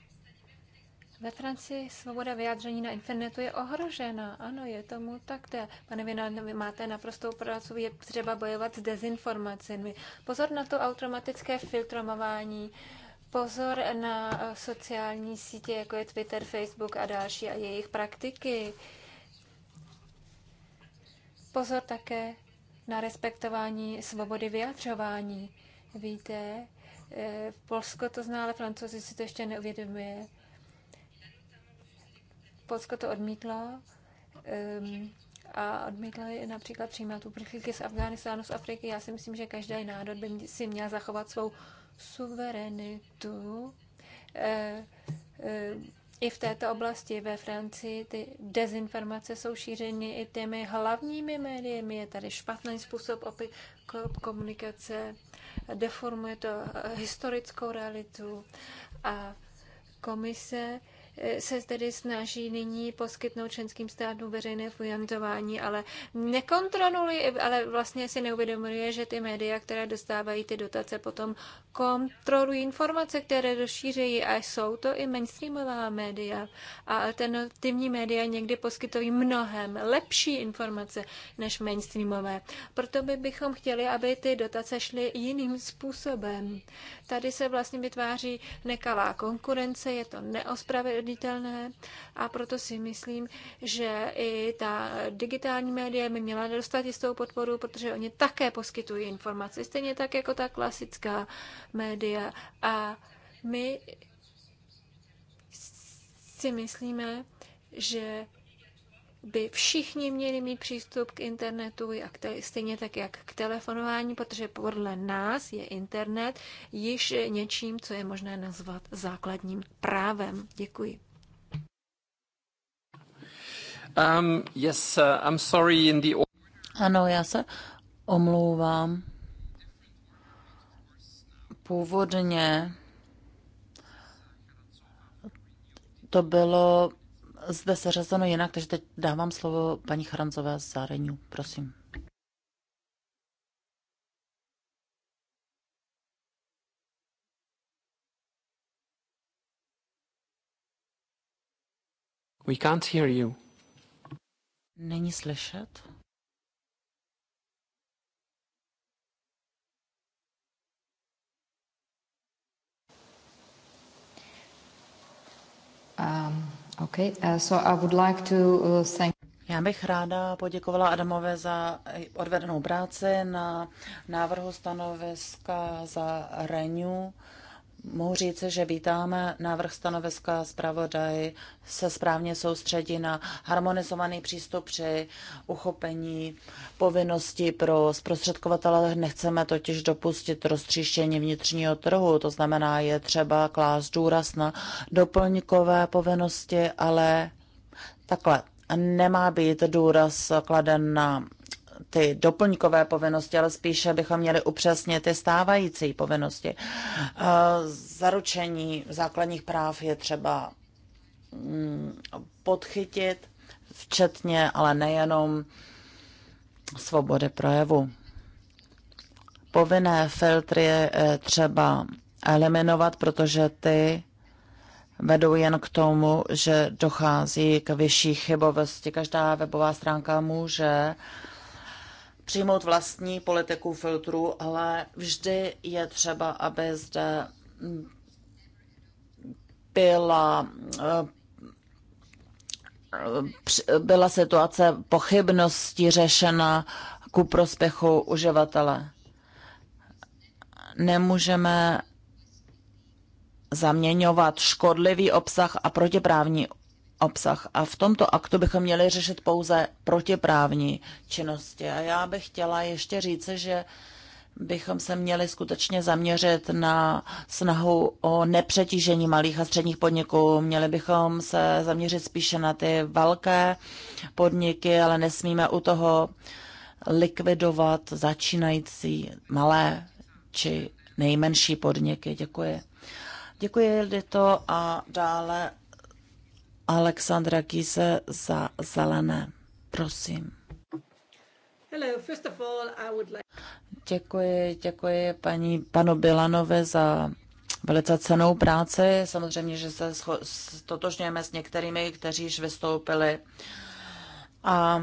Speaker 3: Ve Francii svoboda vyjádření na internetu je ohrožena. Ano, je tomu tak. Te. Pane Vina, vy máte naprostou pracu, je třeba bojovat s dezinformacemi. Pozor na to automatické filtrování pozor na eh, sociální sítě, jako je Twitter, Facebook a další a jejich praktiky. Pozor také na respektování svobody vyjadřování. Víte, eh, v Polsko to zná, ale francouzi si to ještě neuvědomuje. Polsko to odmítlo um, a odmítlo je například přijímat uprchlíky z Afghánistánu, z Afriky. Já si myslím, že každý národ by si měl zachovat svou suverenitu eh, eh, i v této oblasti ve Francii ty dezinformace jsou šířeny i těmi hlavními médiemi. Je tady špatný způsob komunikace, deformuje to historickou realitu a komise se tedy snaží nyní poskytnout členským státům veřejné financování, ale nekontroluje, ale vlastně si neuvědomuje, že ty média, které dostávají ty dotace, potom kontrolují informace, které rozšířejí a jsou to i mainstreamová média. A alternativní média někdy poskytují mnohem lepší informace než mainstreamové. Proto by bychom chtěli, aby ty dotace šly jiným způsobem. Tady se vlastně vytváří nekalá konkurence, je to neospravedlivé neproveditelné a proto si myslím, že i ta digitální média by měla dostat jistou podporu, protože oni také poskytují informace, stejně tak jako ta klasická média. A my si myslíme, že by všichni měli mít přístup k internetu, jak te, stejně tak jak k telefonování, protože podle nás je internet již něčím, co je možné nazvat základním
Speaker 2: právem. Děkuji.
Speaker 1: Um, yes, uh, I'm sorry in the...
Speaker 2: Ano, já se omlouvám. Původně to bylo zde seřazeno jinak, takže teď dávám slovo paní Charanzové z Zárenu. Prosím.
Speaker 1: We can't hear you.
Speaker 2: Není slyšet?
Speaker 4: Um, Okay, uh, so I would like to uh, thank já bych
Speaker 2: ráda poděkovala Adamové za odvedenou práci na návrhu stanoviska za Renew. Mohu říct, že vítáme návrh stanoviska zpravodaj, se správně soustředí na harmonizovaný přístup při uchopení povinnosti pro zprostředkovatele. Nechceme totiž dopustit roztříštění vnitřního trhu, to znamená, je třeba klást důraz na doplňkové povinnosti, ale takhle nemá být důraz kladen na ty doplňkové povinnosti, ale spíše bychom měli upřesnit ty stávající povinnosti. Eh, zaručení základních práv je třeba mm, podchytit, včetně, ale nejenom svobody projevu. Povinné filtry je eh, třeba eliminovat, protože ty vedou jen k tomu, že dochází k vyšší chybovosti. Každá webová stránka může uh, přijmout vlastní politiku filtru, ale vždy je třeba, aby zde byla eh, byla situace pochybnosti řešena ku prospěchu uživatele. Nemůžeme zaměňovat škodlivý obsah a protiprávní obsah. A v tomto aktu bychom měli řešit pouze protiprávní činnosti. A já bych chtěla ještě říct, že bychom se měli skutečně zaměřit na snahu o nepřetížení malých a středních podniků. Měli bychom se zaměřit spíše na ty velké podniky, ale nesmíme u toho likvidovat začínající malé či nejmenší podniky. Děkuji. Děkuji, Dito, a dále Alexandra Gize za zelené. Prosím. Děkuji, děkuji paní panu Bilanovi za velice cenou práci. Samozřejmě, že se totožňujeme s některými, kteří již vystoupili. A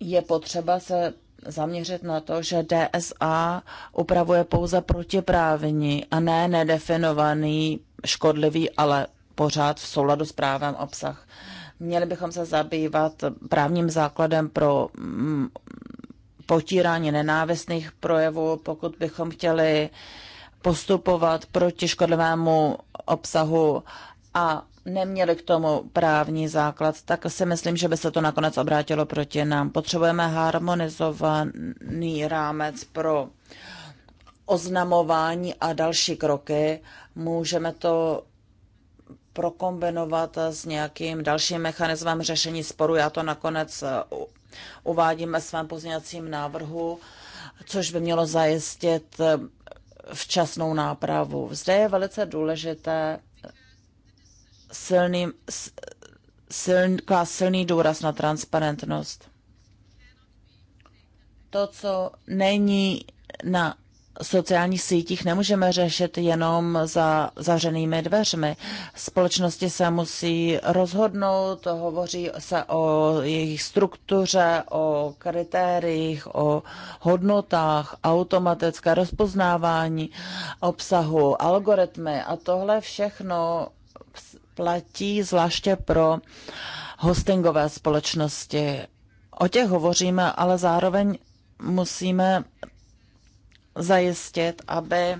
Speaker 2: je potřeba se zaměřit na to, že DSA upravuje pouze protiprávní a ne nedefinovaný škodlivý, ale pořád v souladu s právem obsah. Měli bychom se zabývat právním základem pro mm, potírání nenávistných projevů, pokud bychom chtěli postupovat proti škodlivému obsahu a neměli k tomu právní základ, tak si myslím, že by se to nakonec obrátilo proti nám. Potřebujeme harmonizovaný rámec pro oznamování a další kroky Můžeme to prokombinovat s nějakým dalším mechanismem řešení sporu. Já to nakonec eh, uvádím ve svém pozměňovacím návrhu, což by mělo zajistit eh, včasnou nápravu. Zde je velice důležité silný, silný, silný důraz na transparentnost. To, co není na sociálních sítích nemůžeme řešit jenom za zařenými dveřmi. Společnosti se musí rozhodnout, hovoří se o jejich struktuře, o kritériích, o hodnotách, automatické rozpoznávání obsahu, algoritmy a tohle všechno platí zvláště pro hostingové společnosti. O těch hovoříme, ale zároveň musíme zajistit, aby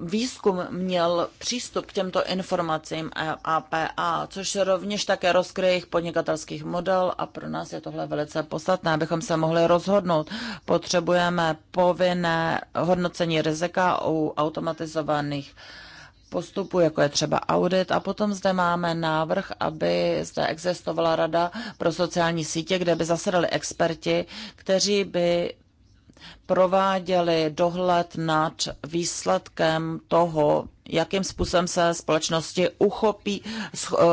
Speaker 2: výzkum měl přístup k těmto informacím APA, což rovněž také rozkryje jejich podnikatelských model a pro nás je tohle velice podstatné, abychom se mohli rozhodnout. Potřebujeme povinné hodnocení rizika u automatizovaných postupu, jako je třeba audit. A potom zde máme návrh, aby zde existovala rada pro sociální sítě, kde by zasedali experti, kteří by prováděli dohled nad výsledkem toho, jakým způsobem se společnosti uchopí, eh,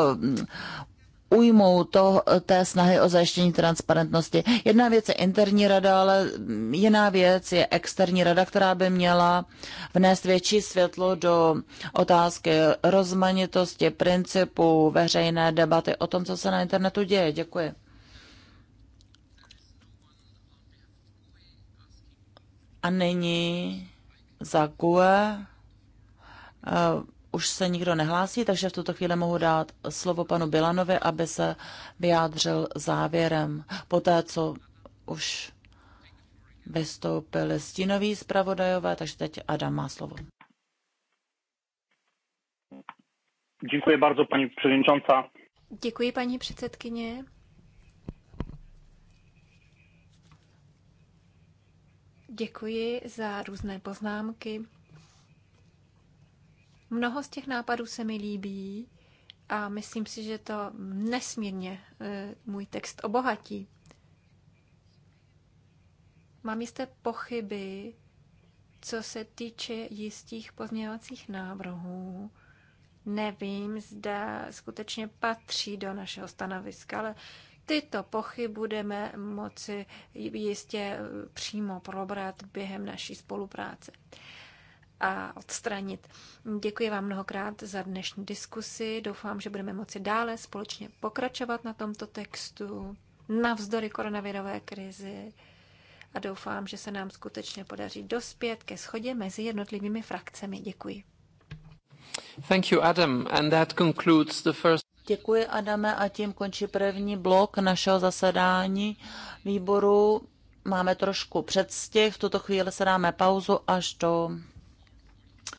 Speaker 2: ujmou to, té snahy o zajištění transparentnosti. Jedna věc je interní rada, ale jiná věc je externí rada, která by měla vnést větší světlo do otázky rozmanitosti, principu, veřejné debaty o tom, co se na internetu děje. Děkuji. A nyní za GUE eh, už se nikdo nehlásí, takže v tuto chvíli mohu dát slovo panu Bilanovi, aby se vyjádřil závěrem. Poté, co už vystoupili stínoví zpravodajové, takže teď Adam má slovo.
Speaker 1: Děkuji bardzo, paní předsedkyně.
Speaker 3: Děkuji, paní předsedkyně. Děkuji za různé poznámky. Mnoho z těch nápadů se mi líbí a myslím si, že to nesmírně e, můj text obohatí. Mám jisté pochyby, co se týče jistých pozměňovacích návrhů. Nevím, zda skutečně patří do našeho stanoviska, ale Tyto pochy budeme moci jistě přímo probrat během naší spolupráce a odstranit. Děkuji vám mnohokrát za dnešní diskusi. Doufám, že budeme moci dále společně pokračovat na tomto textu navzdory koronavirové krizi a doufám, že se nám skutečně podaří dospět ke schodě mezi jednotlivými frakcemi.
Speaker 2: Děkuji.
Speaker 1: Thank you, Adam. And that concludes the first...
Speaker 2: Děkuji, Adame, a tím končí první blok našeho zasedání výboru. Máme trošku předstih, v tuto chvíli se dáme pauzu až do